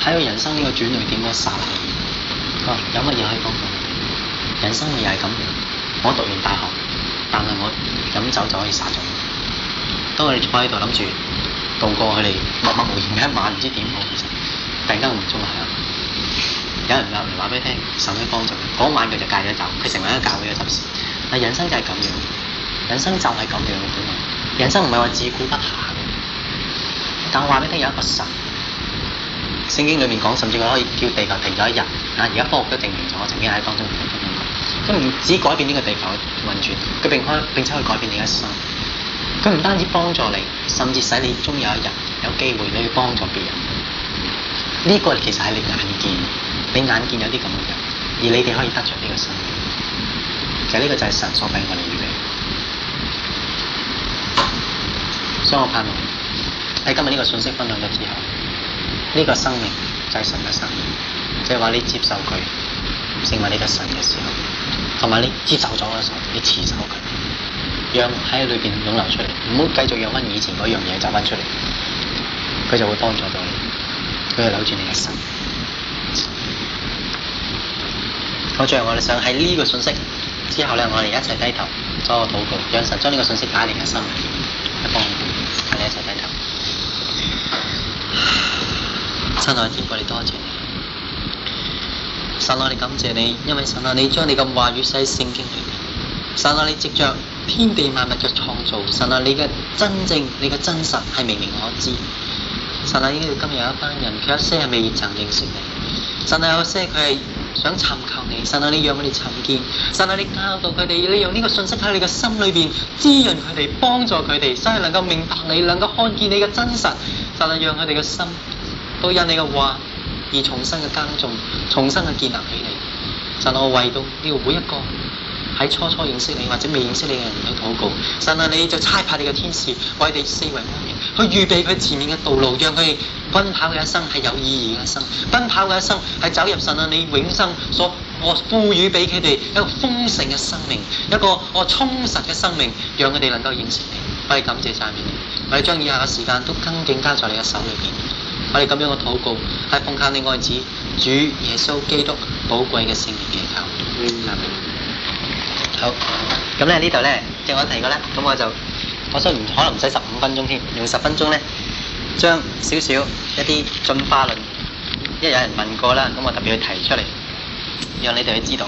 喺佢人生呢個轉捩點嗰剎，啊有乜嘢可以幫助？人生又係咁，我讀完大學，但係我飲酒就可以殺咗，當佢哋坐喺度諗住度過佢哋默默無言嘅一晚，唔知點好，突然間門鐘響。有人留言話俾你聽，神喺當中，嗰、那個、晚佢就戒咗酒，佢成為一個教會嘅執事。但人生就係咁樣，人生就係咁樣，點講？人生唔係話自顧不暇，但我話俾你聽，有一個神，聖經裏面講，甚至佢可以叫地球停咗一日。啊，而家科學都定唔明，我曾經喺當中研究過。佢唔只改變呢個地球嘅運轉，佢並可並且去改變你一生。佢唔單止幫助你，甚至使你終有一日有機會你去幫助別人。呢、這個其實係你眼見。你眼見有啲咁嘅人，而你哋可以得着呢個生命，其實呢個就係神所俾我哋預備。所以我盼望喺今日呢個信息分享咗之後，呢、這個生命就係神嘅生命，即係話你接受佢成為呢個神嘅時候，同埋你接受咗嘅時候，你持守佢，讓喺裏邊湧流出嚟，唔好繼續讓翻以前嗰樣嘢走翻出嚟，佢就會幫助到你，佢就扭住你嘅神。我最後我哋想喺呢個信息之後咧，我哋一齊低頭做一個禱告，讓神將呢個信息擺喺你嘅心，去幫助你一齊低頭。神啊，天父，你多謝你。神啊，你感謝你，因為神啊，你將你嘅話語寫喺聖經裏邊。神啊，你藉着天地萬物嘅創造，神啊，你嘅真正、你嘅真實係明明可知。神啊，因為今日有一班人，佢一些係未曾認識你。神啊，有些佢係。想尋求你，神啊！你讓佢哋尋見，神啊！你教導佢哋，你用呢個信息喺你嘅心裏邊滋潤佢哋，幫助佢哋，使佢能夠明白你，能夠看見你嘅真實，神啊！讓佢哋嘅心都因你嘅話而重新嘅耕種，重新嘅建立起嚟，神啊！我為到呢個每一個。喺初初認識你或者未認識你嘅人去禱告，神啊，你就猜拍你嘅天使為你四圍安營，去預備佢前面嘅道路，讓佢哋奔跑嘅一生係有意義嘅一生，奔跑嘅一生係走入神啊你永生所我賦予俾佢哋一個豐盛嘅生命，一個我充實嘅生命，讓佢哋能夠認識你。我哋感謝讚美你，我哋將以下嘅時間都恭敬交在你嘅手裏邊。我哋咁樣嘅禱告，係奉靠你愛子主耶穌基督寶貴嘅聖名祈求。好，咁咧呢度咧，即我提過咧，咁我就，我想唔可能唔使十五分鐘添，用十分鐘咧，將少少一啲進化論，因為有人問過啦，咁我特別去提出嚟，讓你哋去知道。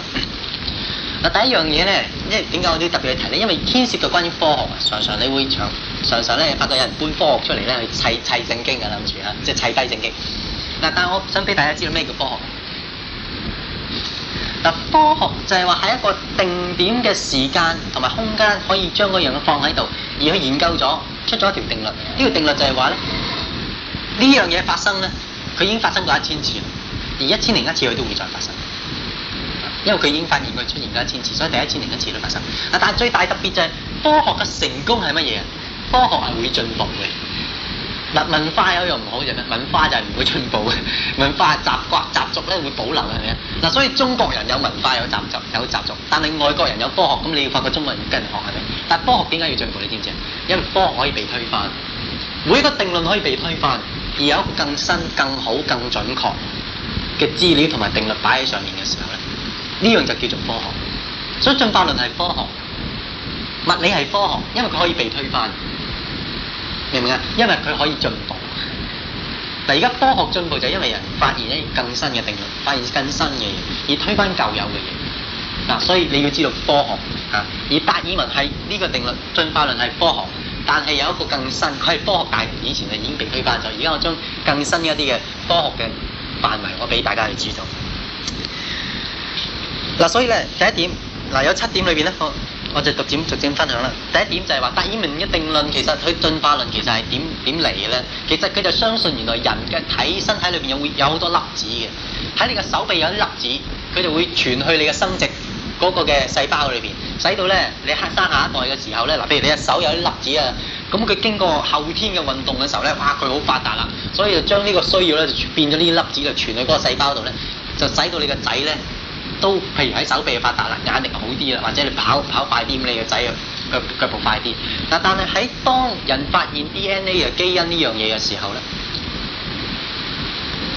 嗱，第一樣嘢咧，即係點解我要特別去提咧？因為牽涉到關於科學啊，常常你會常常常咧發覺有人搬科學出嚟咧去砌砌正經嘅諗住啊，即係砌低正經。嗱，但係我想俾大家知道咩叫科學。嗱，科學就係話喺一個定點嘅時間同埋空間，可以將嗰樣嘢放喺度，而佢研究咗出咗一條定律。呢條定律就係話咧，呢樣嘢發生咧，佢已經發生過一千次，而一千零一次佢都會再發生，因為佢已經發現佢出現過一千次，所以第一千零一次會發生。嗱，但係最大特別就係科學嘅成功係乜嘢？科學係會進步嘅。文化有一樣唔好嘅，咩？文化就係唔會進步嘅，文化習慣、習俗咧會保留，係咪啊？嗱，所以中國人有文化，有習俗，有習俗，但係外國人有科學，咁你要發覺中國人唔跟人學係咪？但科學點解要進步？你知唔知啊？因為科學可以被推翻，每一個定論可以被推翻，而有一個更新、更好、更準確嘅資料同埋定律擺喺上面嘅時候咧，呢樣就叫做科學。所以進化論係科學，物理係科學，因為佢可以被推翻。明唔明啊？因為佢可以進步。嗱，而家科學進步就因為人發現咧更新嘅定律，發現更新嘅嘢而推翻舊有嘅嘢。嗱、啊，所以你要知道科學吓、啊，而達爾文係呢個定律，進化論係科學，但係有一個更新，佢係科學界以前係已經被推翻咗，而家我將更新一啲嘅科學嘅範圍，我俾大家去知道。嗱、啊，所以咧第一點，嗱、啊、有七點裏邊咧。我就逐漸逐漸分享啦。第一點就係話，達爾文嘅定論其實佢進化論其實係點點嚟嘅咧。其實佢就相信原來人嘅體身體裏邊有會有好多粒子嘅，喺你嘅手臂有啲粒子，佢就會傳去你嘅生殖嗰個嘅細胞裏邊，使到咧你生下一代嘅時候咧，嗱，譬如你隻手有啲粒子啊，咁佢經過後天嘅運動嘅時候咧，哇，佢好發達啦，所以就將呢個需要咧，就變咗呢啲粒子就傳去嗰個細胞度咧，就使到你個仔咧。都譬如喺手臂啊發達啦，眼力好啲啦，或者你跑跑快啲咁，你個仔啊腳腳步快啲。嗱，但係喺當人發現 DNA 嘅基因呢樣嘢嘅時候咧，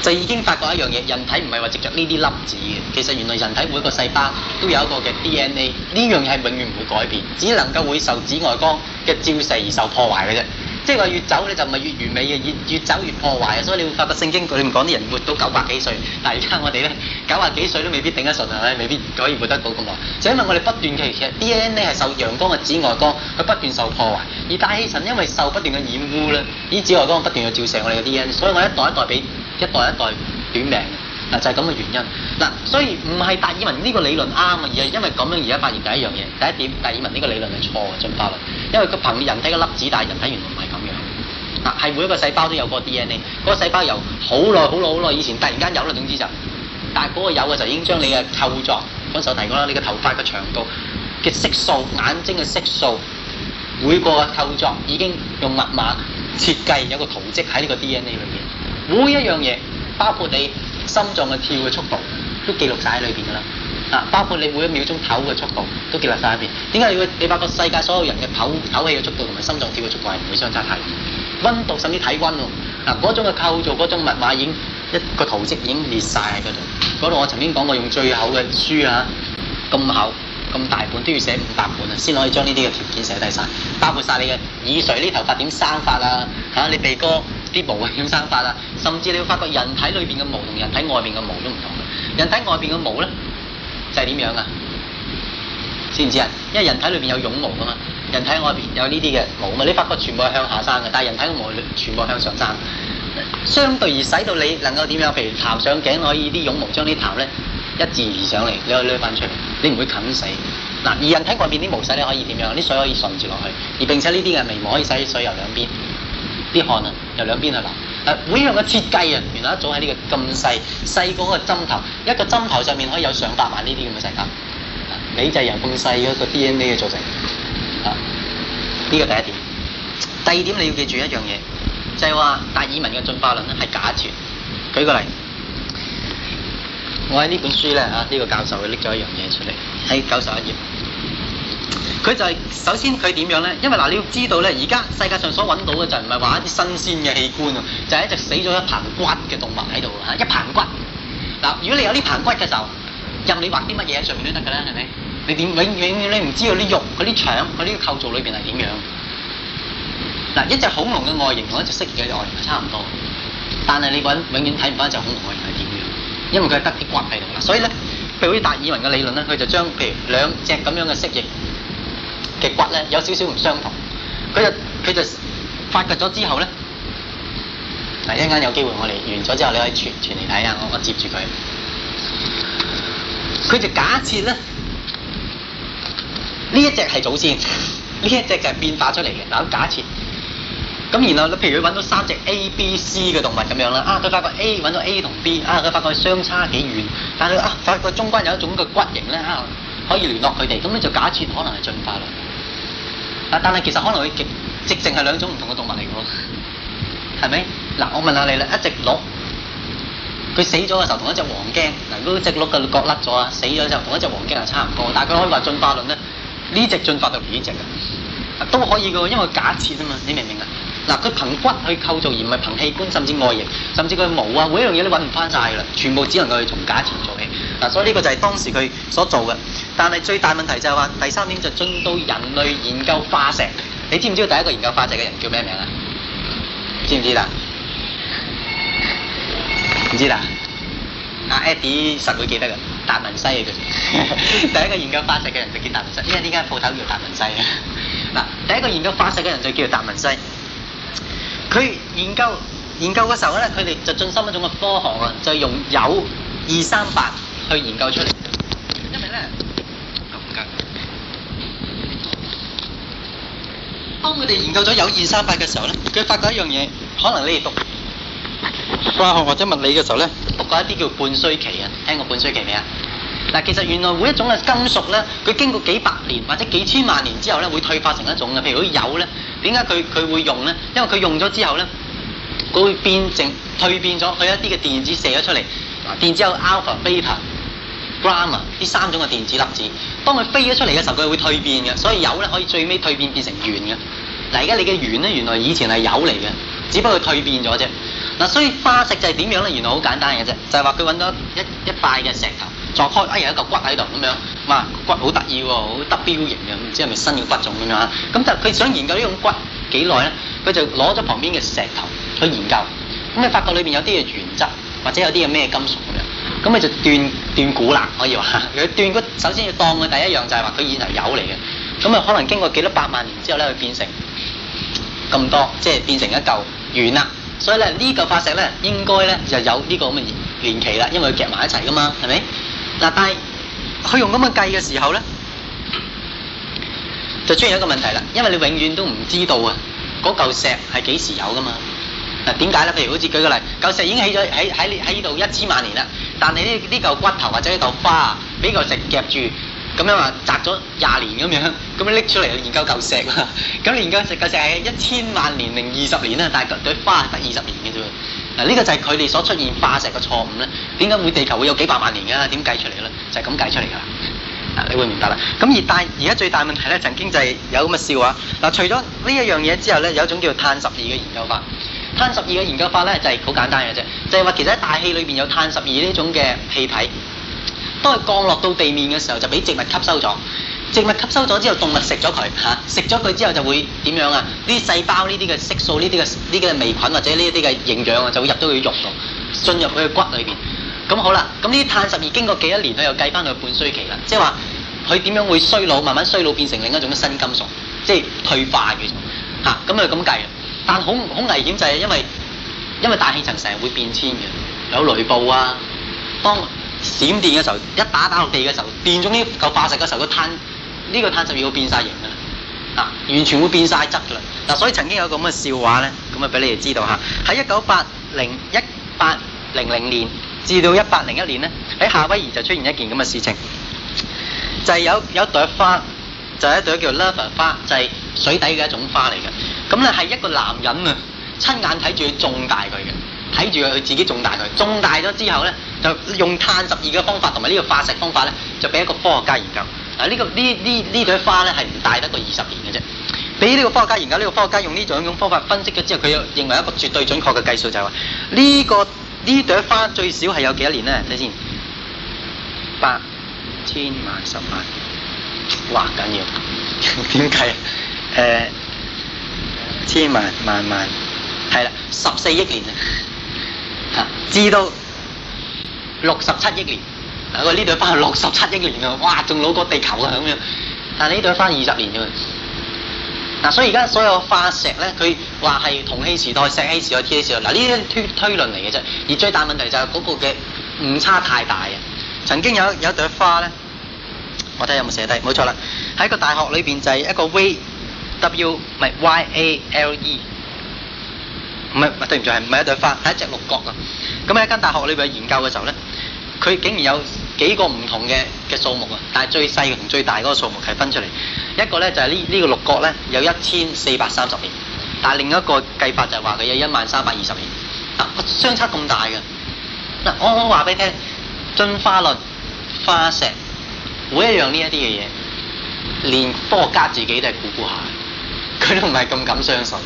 就已經發覺一樣嘢，人體唔係話直著呢啲粒子嘅，其實原來人體每一個細胞都有一個嘅 DNA，呢樣嘢係永遠唔會改變，只能夠會受紫外光嘅照射而受破壞嘅啫。即係話越走咧就唔係越完美嘅，越越走越破壞嘅，所以你會發覺聖經，佢唔講啲人活到九百幾歲，但係而家我哋咧九啊幾歲都未必頂得順啊，未必可以活得到咁耐。就因為我哋不斷嘅其實 DNA 係受陽光嘅紫外光，佢不斷受破壞，而大氣層因為受不斷嘅染污啦，以紫外光不斷去照射我哋嘅 DNA，所以我一代一代比一代一代短命。嗱，就係咁嘅原因。嗱、啊，所以唔係達爾文呢個理論啱啊，而係因為咁樣而家發現第一樣嘢，第一點達爾文呢個理論係錯嘅進化論，因為佢憑人體嘅粒子，但係人體原來唔係咁。嗱，係每一個細胞都有個 D N A，嗰個細胞由好耐、好耐、好耐以前突然間有啦。總之就是，但係嗰個有嘅就已經將你嘅構造，我上提過啦。你嘅頭髮嘅長度、嘅色素、眼睛嘅色素，每個嘅構作已經用密碼設計，有個圖譜喺呢個 D N A 裏邊。每一樣嘢，包括你心臟嘅跳嘅速度，都記錄晒喺裏邊㗎啦。啊，包括你每一秒鐘唞嘅速度都記錄晒喺邊。點解你會你把個世界所有人嘅唞唞氣嘅速度同埋心臟跳嘅速度係唔會相差太遠？溫度甚至體溫喎，嗱，嗰種嘅構造，嗰種密碼已經一個圖式已經列晒喺嗰度。嗰度我曾經講過用最厚嘅書啊，咁厚咁大本都要寫五百本啊，先可以將呢啲嘅條件寫低晒。包括晒你嘅耳垂呢頭髮點生發啊，嚇你鼻哥啲毛點生發啊，甚至你會發覺人體裏邊嘅毛同人體外邊嘅毛都唔同。人體外邊嘅毛咧就係點樣啊？知唔知啊？因為人體裏邊有絨毛噶嘛。人體外邊有呢啲嘅毛嘛，你發覺全部係向下生嘅，但係人體嘅毛全部向上生，相對而使到你能夠點樣？譬如頭上頸可以啲絨毛將啲痰咧一字而上嚟，你可以濾翻出嚟，你唔會冚死。嗱，而人體外邊啲毛使你可以點樣？啲水可以順住落去，而並且呢啲嘅眉毛可以洗水由兩邊啲汗啊由兩邊去流。誒，每樣嘅設計啊，原來、這個、一組喺呢個咁細細個嘅針頭，一個針頭上面可以有上百萬呢啲咁嘅細胞，你就係由咁細嘅一個 DNA 嘅造成。呢、啊這個第一點，第二點，你要記住一樣嘢，就係話達爾文嘅進化論咧係假設。舉個例，我喺呢本書咧啊，呢、這個教授佢拎咗一樣嘢出嚟，喺九十一頁。佢就係、是、首先佢點樣咧？因為嗱、呃，你要知道咧，而家世界上所揾到嘅就唔係話一啲新鮮嘅器官啊，就係、是、一隻死咗一棚骨嘅動物喺度啊，一棚骨。嗱、呃，如果你有呢棚骨嘅時候，任你畫啲乜嘢喺上面都得噶啦，係咪？你點永永你唔知道啲肉、嗰啲腸、嗰啲構造裏邊係點樣？嗱，一隻恐龍嘅外形同一隻蜥蜴嘅外形係差唔多，但係你個人永遠睇唔翻一隻恐龍外形係點樣，因為佢係得啲骨喺度。所以咧，譬如好似達爾文嘅理論咧，佢就將譬如兩隻咁樣嘅蜥蜴嘅骨咧有少少唔相同，佢就佢就發掘咗之後咧，嗱，一陣間有機會我哋完咗之後你可以傳傳嚟睇下，我我接住佢，佢就假設咧。呢一隻係祖先，呢一隻就係變化出嚟嘅。嗱，假設咁，然後你譬如佢揾到三隻 A、B、C 嘅動物咁樣啦。啊，佢發覺 A 揾到 A 同 B，啊，佢發覺相差幾遠，但佢啊，發覺中間有一種嘅骨形咧，啊，可以聯絡佢哋，咁咧就假設可能係進化論。啊，但係其實可能會極直正係兩種唔同嘅動物嚟嘅喎，係咪？嗱、啊，我問下你啦，一，直一，隻啊、一隻鹿，佢死咗嘅時候同一隻黃猄，嗱，嗰隻鹿嘅角甩咗啊，死咗嘅時候同一隻黃猄係差唔多，但係佢可以話進化論咧。呢隻進化到幾多隻㗎？都可以㗎，因為假設啊嘛，你明唔明啊？嗱，佢憑骨去構造，而唔係憑器官，甚至外形，甚至佢毛啊，每一樣嘢都揾唔翻晒㗎啦，全部只能夠去從假設做起。嗱、啊，所以呢個就係當時佢所做嘅。但係最大問題就係、是、話，第三點就進到人類研究化石。你知唔知道第一個研究化石嘅人叫咩名知知啊？知唔知啦？唔知啦？阿 Eddie 實會記得㗎。達文西嘅，佢第一個研究化石嘅人就叫達文西，因為點解鋪頭叫達文西啊？嗱， 第一個研究化石嘅人就叫做達文西。佢研究研究嘅時候咧，佢哋就進行一種嘅科學啊，就是、用鈾二三八去研究出嚟。因為咧，咁㗎。當佢哋研究咗鈾二三八嘅時候咧，佢發覺一樣嘢，可能你哋讀。化學或者物理嘅時候咧，讀過一啲叫半衰期啊，聽過半衰期未啊？嗱，其實原來每一種嘅金屬咧，佢經過幾百年或者幾千萬年之後咧，會退化成一種嘅。譬如嗰鈾咧，點解佢佢會用咧？因為佢用咗之後咧，佢會變成蛻變咗，佢一啲嘅電子射咗出嚟。電子有 alpha、beta、gamma，r r 呢三種嘅電子粒子。當佢飛咗出嚟嘅時候，佢會蛻變嘅，所以鈾咧可以最尾蛻變變成鉛嘅。嗱，而家你嘅鉛咧，原來以前係鈾嚟嘅，只不過蛻變咗啫。嗱，所以化石就係點樣咧？原來好簡單嘅啫，就係話佢搵到一一塊嘅石頭撞開，哎呀，有一嚿骨喺度咁樣，哇，骨好得意喎，好得標形嘅，唔知係咪新嘅骨種咁樣啊？咁就佢想研究呢種骨幾耐咧？佢就攞咗旁邊嘅石頭去研究，咁你發覺裏邊有啲嘅原質，或者有啲嘅咩金屬咁樣，咁咪就斷斷骨啦，可以話佢斷骨首先要當佢第一樣就係話佢原來有嚟嘅，咁啊可能經過幾多百萬年之後咧，佢變成咁多，即係變成一嚿軟啦。所以咧，呢嚿化石咧，應該咧就有呢個咁嘅年期啦，因為佢夾埋一齊噶嘛，係咪？嗱，但係佢用咁嘅計嘅時候咧，就出現一個問題啦，因為你永遠都唔知道啊，嗰嚿石係幾時有噶嘛？嗱，點解咧？譬如好似舉個例，嚿石已經起咗喺喺喺呢度一千萬年啦，但係呢呢嚿骨頭或者呢嚿花啊，俾嚿石夾住。咁樣話摘咗廿年咁樣，咁樣拎出嚟研究舊石啦。咁 研究石舊石係一千萬年零二十年啊？但係佢朵花係得二十年嘅啫。嗱，呢個就係佢哋所出現化石嘅錯誤咧。點解會地球會有幾百萬年嘅？點計出嚟咧？就係、是、咁計出嚟噶啦。嗱，你會明白啦。咁而大而家最大問題咧，曾經就係有咁嘅笑話。嗱，除咗呢一樣嘢之後咧，有一種叫碳十二嘅研究法。碳十二嘅研究法咧就係、是、好簡單嘅啫，就係、是、話其實喺大氣裏邊有碳十二呢種嘅氣體。當佢降落到地面嘅時候，就俾植物吸收咗。植物吸收咗之後，動物食咗佢，嚇食咗佢之後就會點樣啊？呢細胞呢啲嘅色素、呢啲嘅呢啲嘅微菌，或者呢一啲嘅營養啊，就會入咗佢肉度，進入佢嘅骨裏邊。咁好啦，咁呢碳十二經過幾多年佢又計翻佢半衰期啦，即係話佢點樣會衰老，慢慢衰老變成另一種新金屬，即係退化嘅嚇。咁佢咁計。但好好危險就係因為因為大氣層成日會變遷嘅，有雷暴啊，當。閃電嘅時候，一打打落地嘅時候，變咗呢嚿化石嘅時候，個碳呢、個碳就要會變晒型嘅啦，啊，完全會變晒質嘅啦。嗱、啊，所以曾經有個咁嘅笑話咧，咁啊俾你哋知道吓。喺一九八零一八零零年至到一八零一年咧，喺夏威夷就出現一件咁嘅事情，就係、是、有有一朵花，就係、是、一朵叫 Lover 花，就係、是、水底嘅一種花嚟嘅。咁咧係一個男人啊，親眼睇住佢，種大佢嘅。睇住佢自己種大佢，種大咗之後咧，就用碳十二嘅方法同埋呢個化石方法咧，就俾一個科學家研究。嗱、啊這個、呢個呢呢呢朵花咧係唔大得過二十年嘅啫。俾呢個科學家研究，呢、這個科學家用呢兩種方法分析咗之後，佢又認為一個絕對準確嘅計數就係、是、話，呢、這個呢朵花最少係有幾多年咧？睇先，八千萬、十萬，哇緊要點計 啊？千萬萬萬係啦，十四億年啊！至到六十七億年，嗱個呢朵花六十七億年啊，哇，仲老過地球啊咁樣，但係呢朵花二十年啫。嗱、啊，所以而家所有化石咧，佢話係銅器時代、石器時代、鐵器時代，嗱呢啲推推論嚟嘅啫。而最大問題就係嗰個嘅誤差太大啊！曾經有一有一朵花咧，我睇有冇寫低，冇錯啦，喺個大學裏邊就係一個 v W 唔係 Y A L E。唔係唔係，對唔住，係唔係一朵花，係一隻鹿角啊！咁喺一間大學裏邊研究嘅時候咧，佢竟然有幾個唔同嘅嘅數目啊！但係最細同最大嗰個數目係分出嚟，一個咧就係呢呢個鹿角咧有一千四百三十年，但係另一個計法就係話佢有一萬三百二十年啊！相差咁大嘅，嗱、啊，我我話俾你聽，進化論、化石，每一樣呢一啲嘅嘢，連科學家自己都係估估下，佢都唔係咁敢相信。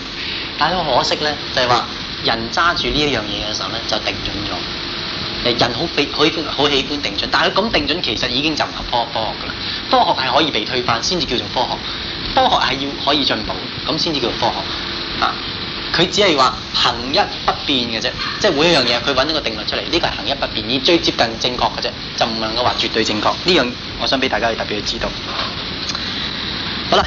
但係好可惜咧，就係話人揸住呢一樣嘢嘅時候咧，就定準咗。人好喜、好歡、好喜歡定準，但係佢咁定準其實已經就唔合科科學噶啦。科學係可以被推翻先至叫做科學，科學係要可以進步咁先至叫做科學。嗱、啊，佢只係話恆一不變嘅啫，即係每一樣嘢佢揾一個定律出嚟，呢個係恆一不變，已經最接近正確嘅啫，就唔能夠話絕對正確。呢樣我想俾大家去特別去知道。好啦。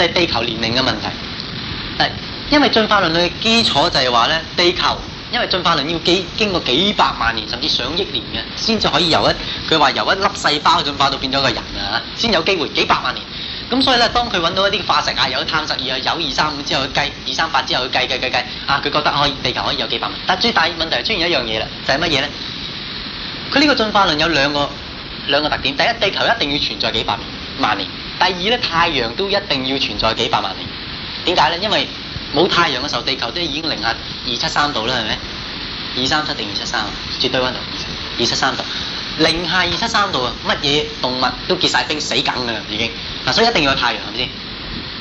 即係地球年齡嘅問題，係因為進化論嘅基礎就係話咧，地球因為進化論要幾經過幾百萬年甚至上億年嘅，先至可以由一佢話由一粒細胞進化到變咗個人啊，先有機會幾百萬年。咁所以咧，當佢搵到一啲化石啊，有碳十二啊，有二三五之後去計二三八之後去計計計計啊，佢覺得可以，地球可以有幾百萬。但係最大問題係出現一樣嘢啦，就係乜嘢咧？佢呢個進化論有兩個兩個特點，第一，地球一定要存在幾百萬年。第二咧，太陽都一定要存在幾百萬年。點解咧？因為冇太陽嘅時候，地球都已經零下二七三度啦，係咪？二三七定二七三？絕對温度二，二七三度，零下二七三度啊！乜嘢動物都結晒冰，死梗啦已經。嗱、啊，所以一定要有太陽係咪先。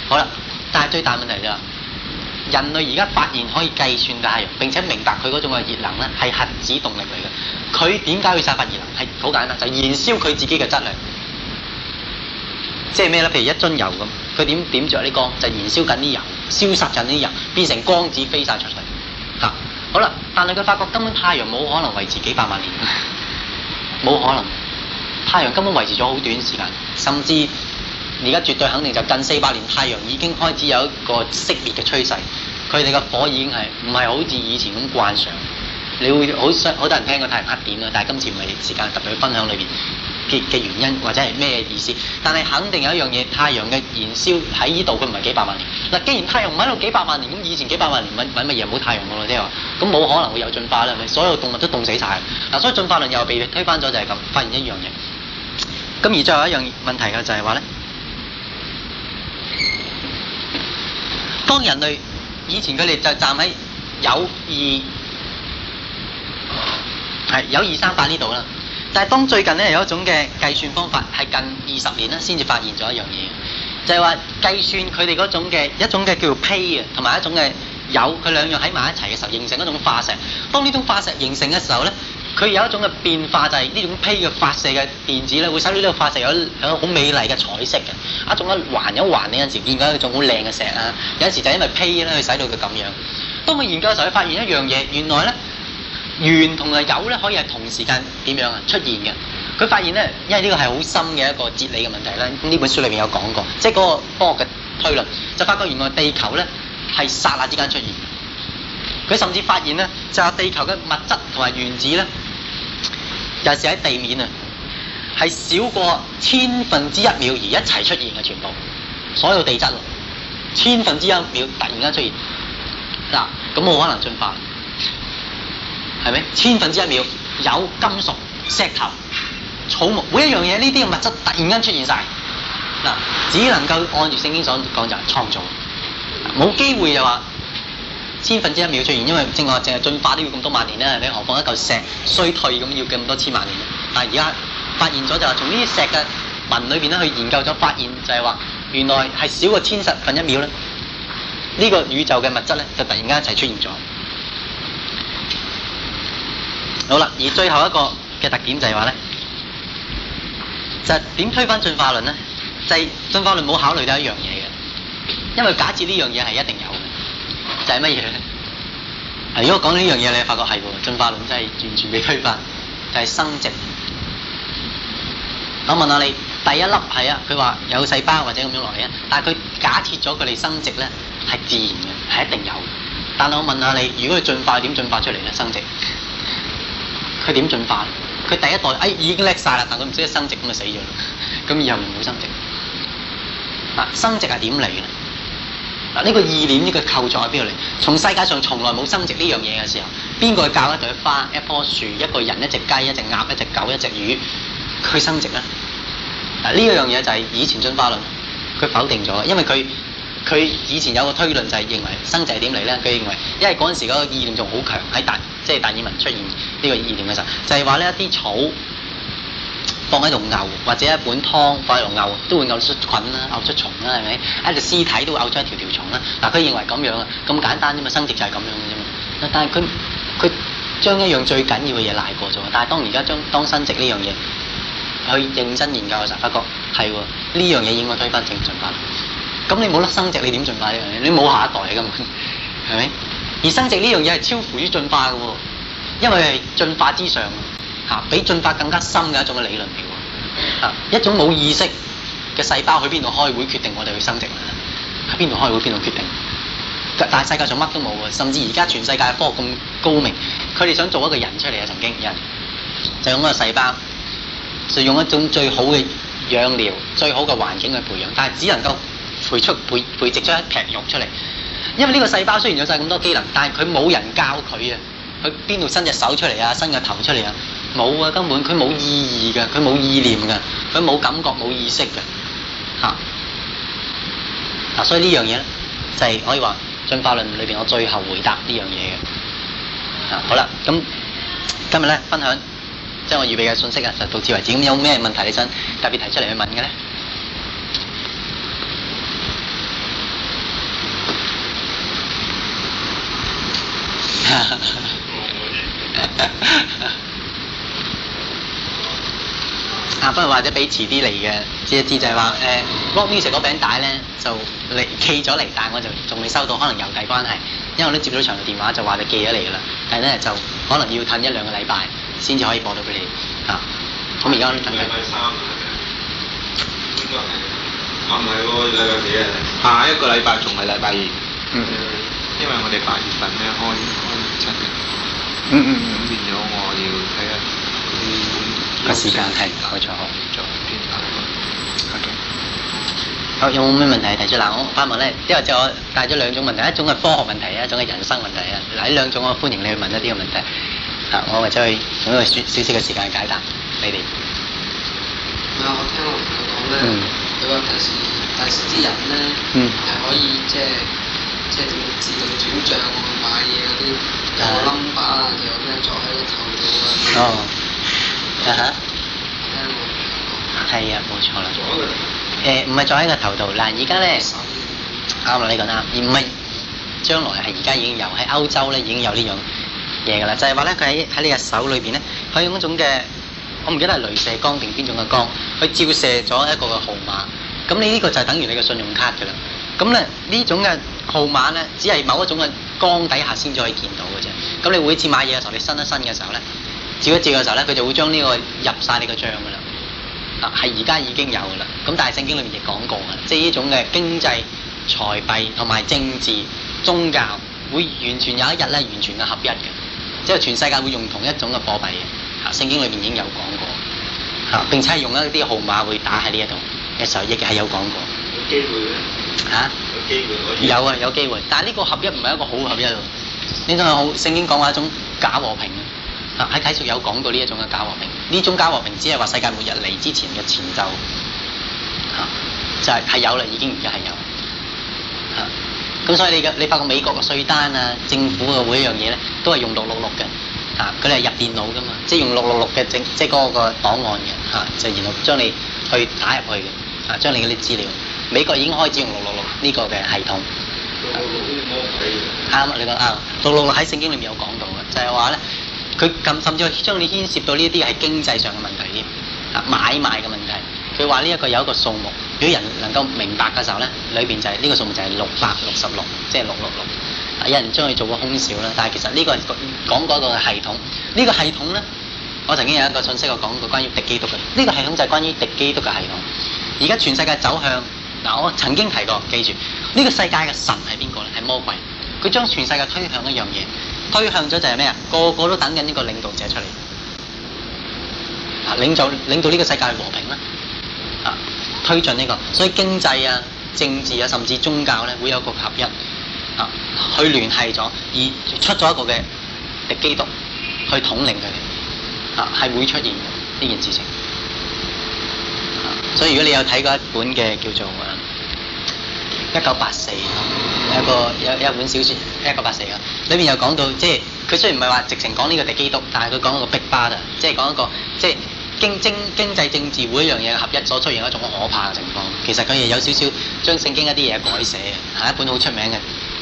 好啦，但係最大問題就係、是、人類而家發現可以計算太陽，並且明白佢嗰種嘅熱能咧，係核子動力嚟嘅。佢點解會散發熱能？係好簡單，就係、是、燃燒佢自己嘅質量。即係咩咧？譬如一樽油咁，佢點點著啲光，就是、燃燒緊啲油，消失緊啲油，變成光子飛晒出去。嚇、啊！好啦，但係佢發覺根本太陽冇可能維持幾百萬年，冇 可能。太陽根本維持咗好短時間，甚至而家絕對肯定就近四百年，太陽已經開始有一個熄滅嘅趨勢。佢哋嘅火已經係唔係好似以前咁慣常？你會好想好多人聽過太陽黑點啦！但係今次唔係時間特別去分享裏邊。嘅原因或者係咩意思？但係肯定有一樣嘢，太陽嘅燃燒喺呢度，佢唔係幾百萬年。嗱，既然太陽唔喺度幾百萬年，咁以前幾百萬年揾乜嘢冇太陽㗎啦，即係話，咁冇可能會有進化啦，咪所有動物都凍死晒，嗱，所以進化論又被推翻咗，就係、是、咁，發現一樣嘢。咁而最後一樣問題嘅就係話咧，當人類以前佢哋就站喺有二係有二三八呢度啦。但係當最近咧有一種嘅計算方法係近二十年咧先至發現咗一樣嘢，就係話計算佢哋嗰種嘅一種嘅叫做鈽啊，同埋一種嘅鈾，佢兩樣喺埋一齊嘅時候形成一種化石。當呢種化石形成嘅時候咧，佢有一種嘅變化就係、是、呢種胚嘅發射嘅電子咧會使到呢個化石有有好美麗嘅彩色嘅一種一環一環你有時見到一種好靚嘅石啊，有時就因為胚，咧會使到佢咁樣。當佢研究嘅時候，佢發現一樣嘢，原來咧。原同埋有咧，可以係同時間點樣啊出現嘅？佢發現咧，因為呢個係好深嘅一個哲理嘅問題咧。呢本書裏邊有講過，即係嗰個科學嘅推論，就發覺原來地球咧係剎那之間出現。佢甚至發現咧，就係、是、地球嘅物質同埋原子咧，又是喺地面啊，係少過千分之一秒而一齊出現嘅全部所有地質，千分之一秒突然間出現。嗱，咁冇可能進化。係咪？千分之一秒，有金屬、石頭、草木，每一樣嘢呢啲嘅物質突然間出現晒，嗱，只能夠按住聖經所講就係創造，冇機會就話千分之一秒出現，因為正話淨係進化都要咁多萬年啦，你何況一嚿石衰退咁要咁多千萬年？但係而家發現咗就係從呢啲石嘅紋裏邊咧去研究咗，發現就係話原來係少過千十分一秒咧，呢個宇宙嘅物質咧就突然間一齊出現咗。好啦，而最後一個嘅特點就係話咧，就點推翻進化論咧？就係進化論冇考慮到一樣嘢嘅，因為假設呢樣嘢係一定有嘅，就係乜嘢咧？係如果講呢樣嘢，你發覺係喎，進化論真係完全被推翻，就係生殖。我問下你，第一粒係啊，佢話有細胞或者咁樣落嚟啊，但係佢假設咗佢哋生殖咧係自然嘅，係一定有。但係我問下你，如果佢進化點進化出嚟咧？生殖？佢點進化？佢第一代哎已經叻晒啦，但佢唔識得生殖咁就死咗啦。咁以後唔會生殖。嗱、 啊，生殖係點嚟嘅？嗱、啊，呢、這個意念呢個構造喺邊度嚟？從世界上從來冇生殖呢樣嘢嘅時候，邊個教一朵花、一棵樹、一個人、一隻雞、一隻鴨、一隻狗、一隻魚佢生殖咧？嗱、啊，呢一樣嘢就係以前進化論，佢否定咗，因為佢。佢以前有個推論就係認為生殖點嚟咧？佢認為，因為嗰陣時嗰個意念仲好強，喺大即係、就是、達爾文出現呢個意念嘅時候，就係、是、話呢一啲草放喺度漚，或者一碗湯放喺度漚，都會漚出菌啦，漚出蟲啦，係咪？喺隻屍體都會漚出一條條蟲啦。嗱，佢認為咁樣啊，咁簡單啫嘛，生殖就係咁樣啫嘛。但係佢佢將一樣最緊要嘅嘢賴過咗。但係當而家將當生殖呢樣嘢去認真研究嘅時候，發覺係喎，呢樣嘢應該推翻正常化。咁你冇得生殖，你點進化咧？你冇下一代㗎嘛，係咪？而生殖呢樣嘢係超乎於進化嘅喎、哦，因為係進化之上嚇，比進化更加深嘅一種嘅理論嚟喎，一種冇意識嘅細胞去邊度開會決定我哋去生殖啊？喺邊度開會，邊度決定？但係世界上乜都冇喎，甚至而家全世界科學咁高明，佢哋想做一個人出嚟啊！曾經人就用一個細胞，就用一種最好嘅養料、最好嘅環境去培養，但係只能夠，培出培培植咗一片肉出嚟，因為呢個細胞雖然有晒咁多機能，但係佢冇人教佢啊，佢邊度伸隻手出嚟啊，伸個頭出嚟啊，冇啊，根本佢冇意義噶，佢冇意念噶，佢冇感覺冇意識噶，吓、啊，嗱、啊，所以呢樣嘢咧就係、是、可以話進化論裏邊我最後回答呢樣嘢嘅，好啦，咁今日咧分享即係、就是、我預備嘅信息啊，就到此為止，咁有咩問題你想特別提出嚟去問嘅咧？ 啊，不過或者俾遲啲嚟嘅，即係志仔話誒，Rock Music 嗰餅帶咧就嚟寄咗嚟，但係我就仲未收到，可能郵遞關係，因為我都接到長嘅電話就話你寄咗嚟噶啦，但係咧就可能要褪一兩個禮拜先至可以播到俾你啊。咁而家，等禮拜三、啊。下、啊啊、一個禮拜仲係禮拜二。嗯、因為我哋八月份咧開。嗯嗯，咁變咗我要睇啊。嗯，個、嗯嗯嗯嗯、時間係改咗，再、嗯好，好，okay. 好，有咩問題提出？嗱，我發問咧，因為就我帶咗兩種問題，一種係科學問題，一種係人生問題啊。嗱，呢兩種我歡迎你去問一啲嘅問題。嗱，我或者去用一個少少少嘅時間解答你哋。係啊、嗯，我聽咧，佢話平時平時人咧，係可以即係。即係自動轉賬，買嘢嗰啲有個 number 啊，有咩坐喺個頭度啊？哦，啊哈，係啊，冇錯啦。誒，唔係坐喺個頭度嗱，而家咧，啱啦，你講啱，而唔係將來係而家已經有喺歐洲咧已經有呢樣嘢㗎啦，就係話咧佢喺喺你嘅手裏邊咧，佢用一種嘅我唔記得係雷射光定邊種嘅光去照射咗一個嘅號碼，咁你呢個就係等於你嘅信用卡㗎啦。咁咧呢種嘅。號碼咧，只係某一種嘅光底下先至可以見到嘅啫。咁你每次買嘢嘅時候，你伸一伸嘅時候咧，照一照嘅時候咧，佢就會將呢、這個入晒你個帳㗎啦。啊，係而家已經有㗎啦。咁但係聖經裏面亦講過啊，即係呢種嘅經濟、財幣同埋政治、宗教會完全有一日咧，完全嘅合一嘅，即係全世界會用同一種嘅貨幣嘅。啊，聖經裏面已經有講過，嚇、啊、並且係用一啲號碼會打喺呢一度嘅時候亦係有講過。冇機會啊！有，有啊，有機會，但係呢個合一唔係一個好合一喎。呢種係好聖經講話一種假和平啊！喺體術有講到呢一種嘅假和平，呢種假和平只係話世界末日嚟之前嘅前奏嚇，就係係有啦，已經而家係有嚇。咁所以你嘅你發覺美國嘅稅單啊、政府嘅每一樣嘢咧，都係用六六六嘅嚇，佢哋係入電腦噶嘛，即係用六六六嘅政即係嗰個檔案嘅嚇，就然後將你去打入去嘅嚇，將你嗰啲資料。美國已經開始用六六六呢個嘅系統。啱你講啱。六六六喺聖經裏面有講到嘅，就係話咧，佢甚甚至去將你牽涉到呢一啲係經濟上嘅問題添，啊買賣嘅問題。佢話呢一個有一個數目，如果人能夠明白嘅時候咧，裏邊就係呢個數目就係六百六十六，即係六六六。有人將佢做咗空少啦，但係其實呢個講嗰個係系統，呢個系統咧，我曾經有一個信息我講過關於敵基督嘅，呢個系統就係關於敵基督嘅系統。而家全世界走向。嗱，我曾經提過，記住呢、這個世界嘅神係邊個咧？係魔鬼，佢將全世界推向一樣嘢，推向咗就係咩啊？個個都等緊呢個領導者出嚟，啊，領就領導呢個世界係和平啦，啊，推進呢、這個，所以經濟啊、政治啊，甚至宗教咧，會有個合一，嚇，去聯繫咗而出咗一個嘅敵基督去統領佢哋，啊，係會出現呢件事情。所以如果你有睇過一本嘅叫做啊一九八四，有一個有一本小説一九八四啊，1984，裏面又講到即係佢雖然唔係話直情講呢個敵基督，但係佢講一個逼巴啊，即係講一個即係經經經濟政治會一樣嘢嘅合一所出現一種可怕嘅情況。其實佢亦有少少將聖經一啲嘢改寫嘅，係、啊、一本好出名嘅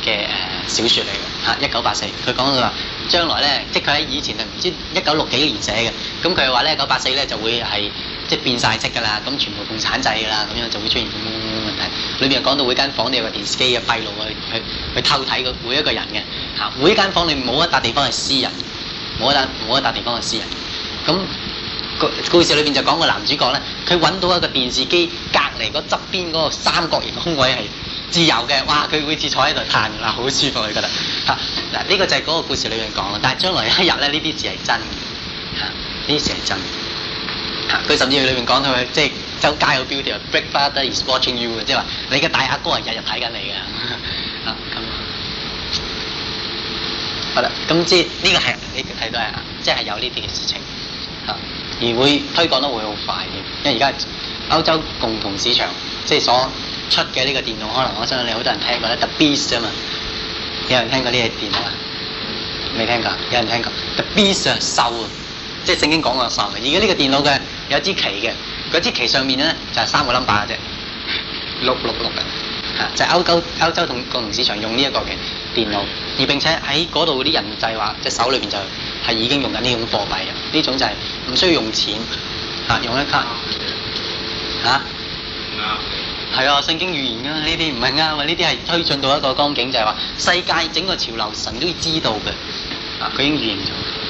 嘅誒小説嚟嘅嚇一九八四。佢講、啊、到話、嗯、將來咧，即係佢喺以前係唔知一九六幾年寫嘅，咁佢係話咧一九八四咧就會係。即係變晒色㗎啦，咁全部共產制㗎啦，咁樣就會出現咁樣嘅問題。裏邊又講到每間房都有個電視機嘅閉路啊去去偷睇個每一個人嘅。嚇每一間房裏冇一笪地方係私人，冇一笪冇一笪地方係私人。咁故故事裏邊就講個男主角咧，佢揾到一個電視機隔離嗰側邊嗰個三角形空位係自由嘅，哇！佢每次坐喺度嘆嘅啦，好舒服你覺得？嚇、啊、嗱，呢個就係嗰個故事裏邊講嘅，但係將來一日咧，呢啲事係真嘅，呢啲事係真。佢甚至佢裏、就是、邊講佢即係周街有 beautiful、big brother is watching you 嘅，即係話你嘅大黑哥係日日睇緊你嘅。 啊咁，這 好啦，咁即係呢個係你睇到係，即、就、係、是、有呢啲嘅事情。嚇、啊，而會推廣得會好快嘅，因為而家歐洲共同市場即係、就是、所出嘅呢個電腦，可能我相信你好多人聽過啦，the beast 啊嘛，有人聽過呢隻電腦？未聽過？有人聽過？the beast 啊瘦啊！即係聖經講過曬嘅，而家呢個電腦嘅有一支旗嘅，嗰支旗上面咧就係、是、三個 number 嘅啫，六六六嘅，嚇、啊、就是、歐洲歐洲同共同市場用呢一個嘅電腦，而並且喺嗰度啲人就話，即、就、係、是、手裏邊就係已經用緊呢種貨幣嘅，呢種就係唔需要用錢嚇、啊，用一卡嚇，係啊，啊，啊，聖經預言啊，呢啲唔係啱啊，呢啲係推進到一個光景，就係、是、話世界整個潮流神都知道嘅，啊，佢已經預言咗。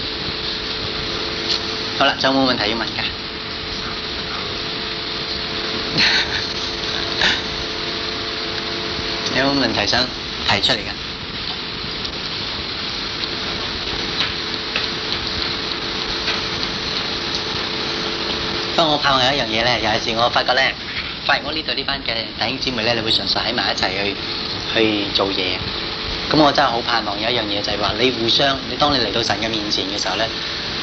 好啦，仲有冇問題要問㗎？ 有冇問題想提出嚟㗎？不過 我盼望有一樣嘢咧，有一次我發覺咧，發現我呢度呢班嘅弟兄姊妹咧，你會常常喺埋一齊去去做嘢。咁我真係好盼望有一樣嘢就係話，你互相，你當你嚟到神嘅面前嘅時候咧。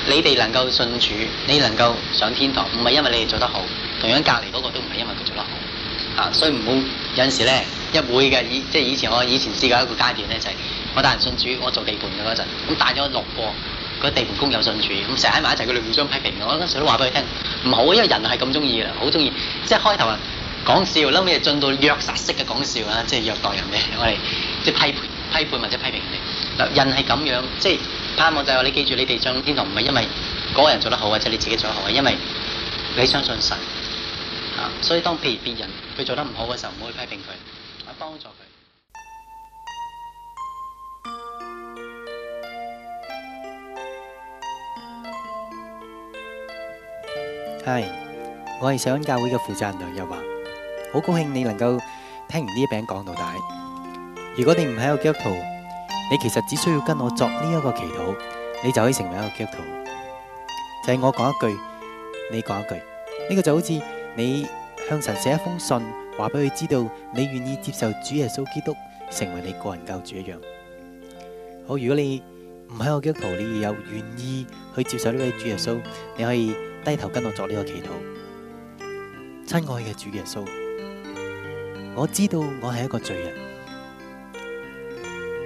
你哋能夠信主，你能夠上天堂，唔係因為你哋做得好，同樣隔籬嗰個都唔係因為佢做得好，啊，所以唔好有陣時咧，一會嘅以即係以前我以前試過一個階段咧，就係我帶人信主，我做地盤嘅嗰陣，咁帶咗六個，嗰地盤工友信主，咁成日喺埋一齊，佢哋互相批評我，我嗰時都話俾佢聽，唔好，因為人係咁中意啦，好中意，即係開頭啊講笑，後屘又進到虐殺式嘅講笑啊，即係虐待人哋，我哋即係批判批判或者批評人哋，嗱人係咁樣，樣，即係。即盼望就係話你記住，你哋上天堂唔係因為嗰個人做得好，或者你自己做得好，係因為你相信神。啊，所以當譬如別人佢做得唔好嘅時候，唔好去批評佢，而係幫助佢。係，我係錫安教會嘅負責人梁日華，好高興你能夠聽完呢一餅講道帶。如果你唔係個基督徒。你其實只需要跟我作呢一個祈禱，你就可以成為一個基督徒。就係我講一句，你講一句，呢個就好似你向神寫一封信，話俾佢知道你願意接受主耶穌基督成為你個人救主一樣。好，如果你唔喺我基督徒，你又願意去接受呢位主耶穌，你可以低頭跟我作呢個祈禱。親愛嘅主耶穌，我知道我係一個罪人。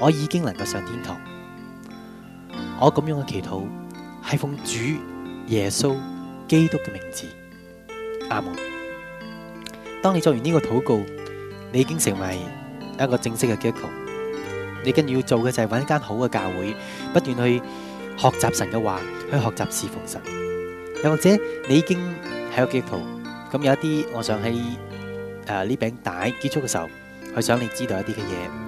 我已經能夠上天堂。我咁樣嘅祈禱係奉主耶穌基督嘅名字，阿門。當你做完呢個禱告，你已經成為一個正式嘅基督徒。你跟住要做嘅就係揾一間好嘅教會，不斷去學習神嘅話，去學習侍奉神。又或者你已經係個基督徒，咁有一啲，我想喺誒呢餅帶結束嘅時候，去想你知道一啲嘅嘢。